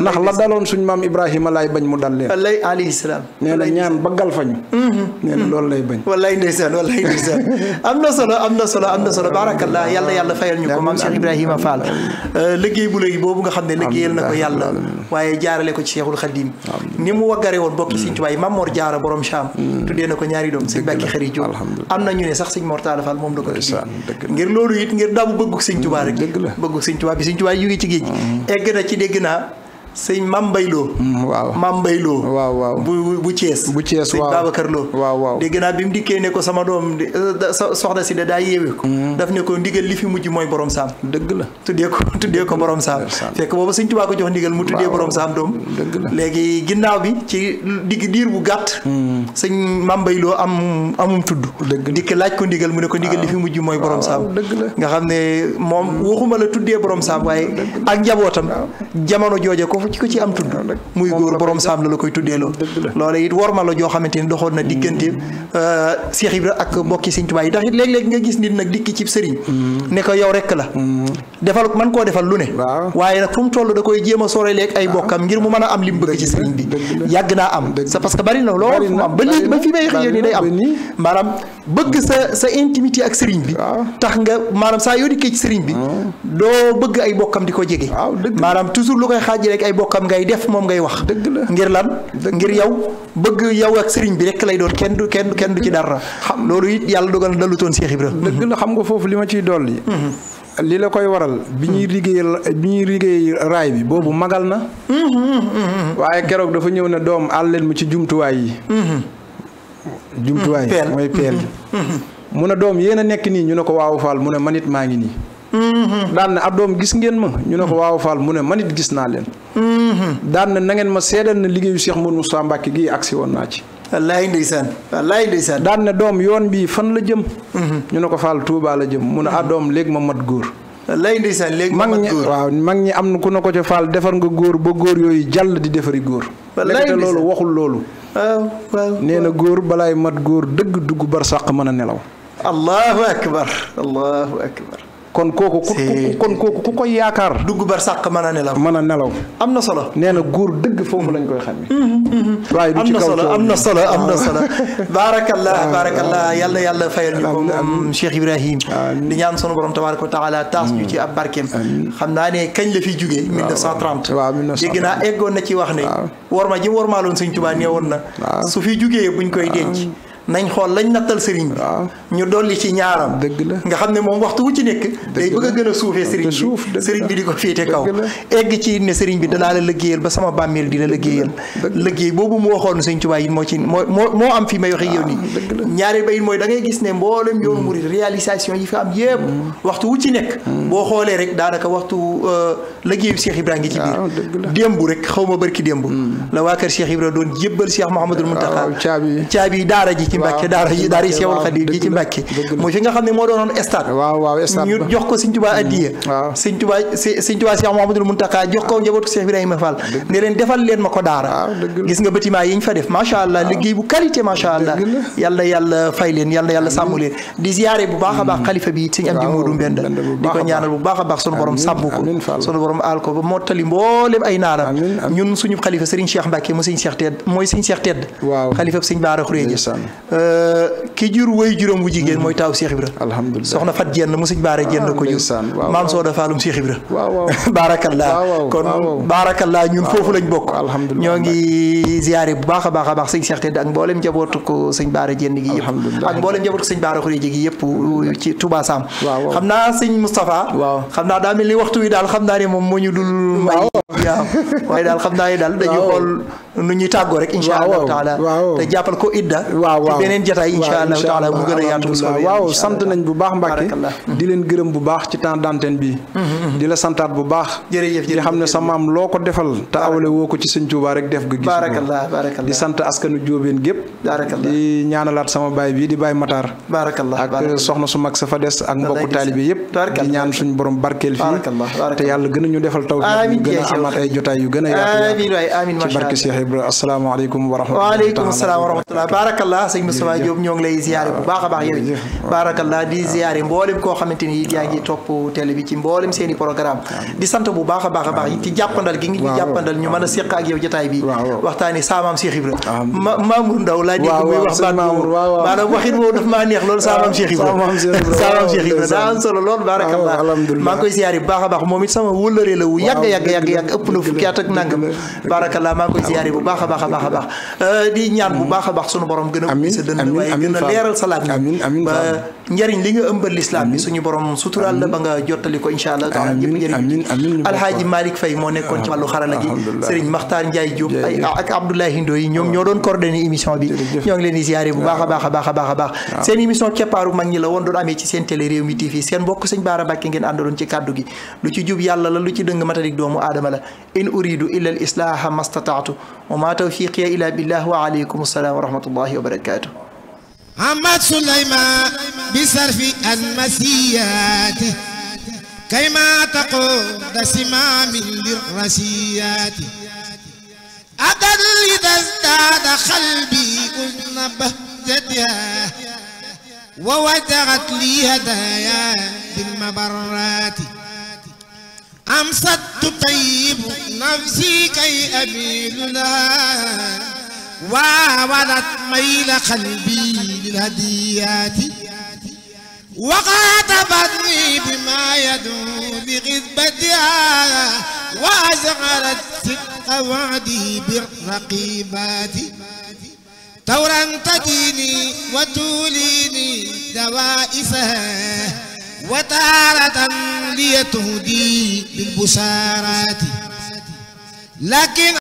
ndax la daloon suñ maam Ibrahima dal leen. wallaay salaam. nee na ñaan ba galfañu. Mhm. nee na loolu lay bañ. wallaay ndeysaan wallaay ndeysaan am na solo am na solo am na solo baarakallah yàlla yàlla fayal ñu ko maam Cheikh Ibrahima Fall. Euh, liggéey bu léegi boobu nga xam ne liggéeyal na ko yàlla. waaye jaarale ko ci Cheikhul Khadim. ni mu waggare woon bokki si Tuubaa Maam Mor Jaara borom Cham. Mm. tuddee na ko ñaari doom sëñ Bakki Xarit Jóob am na ñu ne sax sëñ Mor Talla Fall moom la ko tuddee ngir loolu it ngir dabu bëggu Sëñ Tuubaa rek bëggu Sëñ Tuubaa bi Sëñ Tuubaa yu ngi ci géej mm. sëñ Mame Mbaye Lo. Mm, waaw Mame Mbaye waaw waaw bu bu Thiès. bu Thiès waaw sëñ Babacar waaw waaw dégg naa bi mu dikkee ne ko sama doom euh, soxna si da daay yeewee ko. Mm. daf ne ko ndigal li fi mujj mooy borom saam. dëgg la tuddee ko tuddee ko borom saam. fekk boobu sëñ Tuubaa ko jox ndigal mu tuddee borom saam doom. dëgg la léegi ginnaaw bi ci digg diir bu gàtt. Mm. sëñ Mame Mbaye Lo am tudd. dëgg la laaj ko ndigal mu ne ko ndigal li fi mujj mooy borom saam. dëgg la nga xam ne moom waxuma la tuddee borom saam waaye ak njabootam jamono jooje ko foofu ci ko ci am tudd muy góor borom saam la la koy tuddeeloo loola it worma la joo xamante ni doxoon na diggante mm. euh, Cheikh Ibra ak mbokki Sëriñ Tuubaa yi ndax it léeg nga gis nit nag dikki ci sëriñ mm. mm. man koo defal lu ne waaye nag fu mu da koy jéem a sore leeg ay bokkam ngir mu mën a am li mu bëgg bi yàgg naa am c'est parce que bari na ba léegi ba fi may xëy ni sa sa intimité ak sëriñ bi tax nga maanaam saa yoo dikkee ci sëriñ bi doo bëgg ay bokkam di ko jege maanaam toujours lu koy xaaj rek ay ay bokkam ngay def moom ngay wax. dëgg la ngir lan. ngir yow bëgg yow ak sëriñ bi rek lay doon kenn du kenn du ci dara. xam loolu it yàlla dogal na dalutoon Cheikh Ibra. dëgg la nga foofu li ma ciy dolli. Mm-hmm. li la koy waral bi ñuy mm-hmm. liggéey bi ñuy liggéey raay bi boobu magal na. Mm-hmm. waaye keroog dafa ñëw ne doom àll leen mu ci jumtuwaay yi. jumtuwaay mooy peel. a doom yéen a nekk nii ñu ne ko waaw mu ne man it maa ngi nii. Mm-hmm. daan na ab doom gis ngeen ma ñu ne ko waaw Fall mu ne man it gis naa leen. Mm-hmm. daan na na ngeen ma seedal na liggéeyu Cheikh Modou Moustapha Mbacké gii agsi woon naa ci. wallaay ndeysaan wallaay ndeysaan daan na doom yoon bii fan la jëm. Mm-hmm. ñu ne ko Fall Touba la jëm mu ne ah doom léegi ma mat góor. wallaay ndeysaan léegi ma mat mag ñi am na ku ne ko ca Fall defar nga góor ba góor yooyu jàll di defari góor. wallaay ndeysaan loolu waxul loolu. waaw nee na góor balaay mat góor dëgg dugg bar sàq mën a nelaw. allahu akbar allahu akbar kon kooku ku kon kooku ku koy yaakaar. dugg bar sàq mën a nelaw. mën a nelaw. am na solo. nee na góor dëgg foofu lañ koy xamee. Mm-hmm, mm-hmm. waaye du ci kaw am na solo am na ah. solo baarakallah ah. baarakallah yàlla yàlla fayal ñu ko moom Cheikh Ibrahim di ñaan sunu borom tabaaraka wa taala taas ñu mm. ci ab barkeem. xam naa ne kañ la fi jugee. 1930 waaw 1930 dégg naa eggoon na ci wax ne. waaw war ma ji war maaloon Sëñ Tuubaa nee woon na. su fi jugee buñ koy denc. nañ xool lañ nattal sëriñ bi ñu dolli ci ñaaram dëgg la nga xam ne moom waxtu wu ci nekk day bëgg a gën a suufee sëriñ bi sëriñ bi di ko féete kaw egg ci ne sëriñ bi danaa la liggéeyal ba sama bàmmeel di la liggéeyal liggéey boobu mu waxoon sëriñ Tuubaa yi moo ci moo moo moo am fi may waxe yow nii ñaari bayit mooy dangay gis ne mboolem yoonu mm. murid réalisation yi fi am yépp mm. waxtu wu ci nekk mm. boo xoolee rek daanaka waxtu euh, liggéeyu Cheikh Ibra ngi ci biir démb rek xaw ma barki démb la waa kër Cheikh Ibra doon jébbal Cheikh Mouhamadul Muntaxa caabi daara ji ci Mbàkke daara yi daara yi Seexul Xadiim ji ci mooy fi nga xam ne moo doonoon stade waaw waaw stade ñu jox ko Sëñ Tuubaa addiya mm, waaw Sëñ Tuubaa Sëñ Tuubaa Cheikh ko njabootu Cheikh Ibrahima Fall ne leen defal leen ma fa def macha allah liggéey bu qualité macha allah yàlla yàlla fay leen yàlla yàlla sàmm leen di ziyaare bu baax a baax mm. xalifa bi Sëñ Amdi Moodu Mbenda di ko ñaanal bu baax a baax sunu borom sàmm ko sunu borom aal ba mottali mbooleem ay naaram ñun suñu xalifa Sëriñ Cheikh Mbàkke mu Sëriñ Cheikh Tedd mooy Sëriñ Cheikh Tedd xalifa Euh, ki jur way juróom bu jigéen mooy taaw Cheikh Ibra alhamdulilah soxna Fat Jenn mu sëñ Baara Jenn ko jur maam Sooda Faalum Cheikh Ibra waaw baarakallaa kon baarakallaa ñun foofu lañ bokk ñoo ngi ziyaare bu baax a baax a baax sëñ Cheikh Tedd ak mbooleem njabootu ko sëñ Baara Jenn gi yëpp ak mbooleem njabootu ko sëñ Baara Xuree gi yëpp uh, ci Touba Sam xam naa sëñ Moustapha xam naa daa mel ni waxtu wi daal xam naa ne moom moo ñu dul may nu ñuy tàggoo rek incha allah taala te jàppal ko idda beneen jataay incha allahu taala mu gën a yaatu bu soobee waaw sant nañ bu baax Mbàkke di leen gërëm bu baax ci temps d'antenne bi mm-hmm, mm-hmm. di la santaat bu baax jërëjëf di xam ne sa maam loo ko defal te awale woo ko ci sëñ Tuubaa rek def ga gis barakallah barakallah di sant askanu jóobeen gépp di ñaanalaat sama baay bi di baay Matar barakallah ak soxna su mag sa fa des ak mbokku taalibe yëpp di ñaan suñu borom barkeel fii te yàlla gën a ñu defal taw ñu gën a amaat ay jotaay yu gën a yaatu ci barke Cheikh Ibrahima asalaamaaleykum wa rahmatulah Moustapha Diop ñoo ngi lay ziyaare bu baax a baax yow it baarakallah di ziyaare mboolem koo xamante ni yaa ngi topp télé bi ci mboolem seen i programme di sant bu baax a baax a baax ci jàppandal gi ngi ñu jàppandal ñu a séq ak yow jotaay bi waxtaani saamaam ah, ma Mamour Ndaw laa dégg muy wax baat ah, ah, a baax moom it la wu yàgg a a a euh, di ñaan bu mm-hmm. baax a baax sunu borom gën a sa dënn waaye gën njariñ li nga ëmbal lislaam bi suñu borom suturaal la ba nga jottali ko incha allah taala ñëpp alhaaji Malick Faye moo nekkoon ci wàllu xarala gi Serigne Makhtar Ndiaye ay ak Abdoulaye ñoom ñoo doon coordonné émission bi ñoo ngi leen di ziare bu a a baax a doon amee ci seen télé réew mi TV seen bokk sëñ Baara Mbàkke ngeen àndaloon ci kàddu gi lu ci jub yàlla la lu ci dëng matadik doomu aadama la in uridu illa al islaha mastataatu ma tawfiqiya illa billah Ahmad Souleymane bi sarfi almasiyaati kay ma taqoo da simaamin bir rasiyaati adal idasdaada xalbi kunna bahjatiha wa wajaxat li hadaaya bilmabaraati أمسدت طيب نفسي كي أميل لها وولت ميل قلبي الهديات وخاطبتني بما يدعو لغذبتها وأزغرت صدق وعده بالرقيبات ثورا تديني وتوليني دوائسها وتارة ليتهدي بالبشارات لكن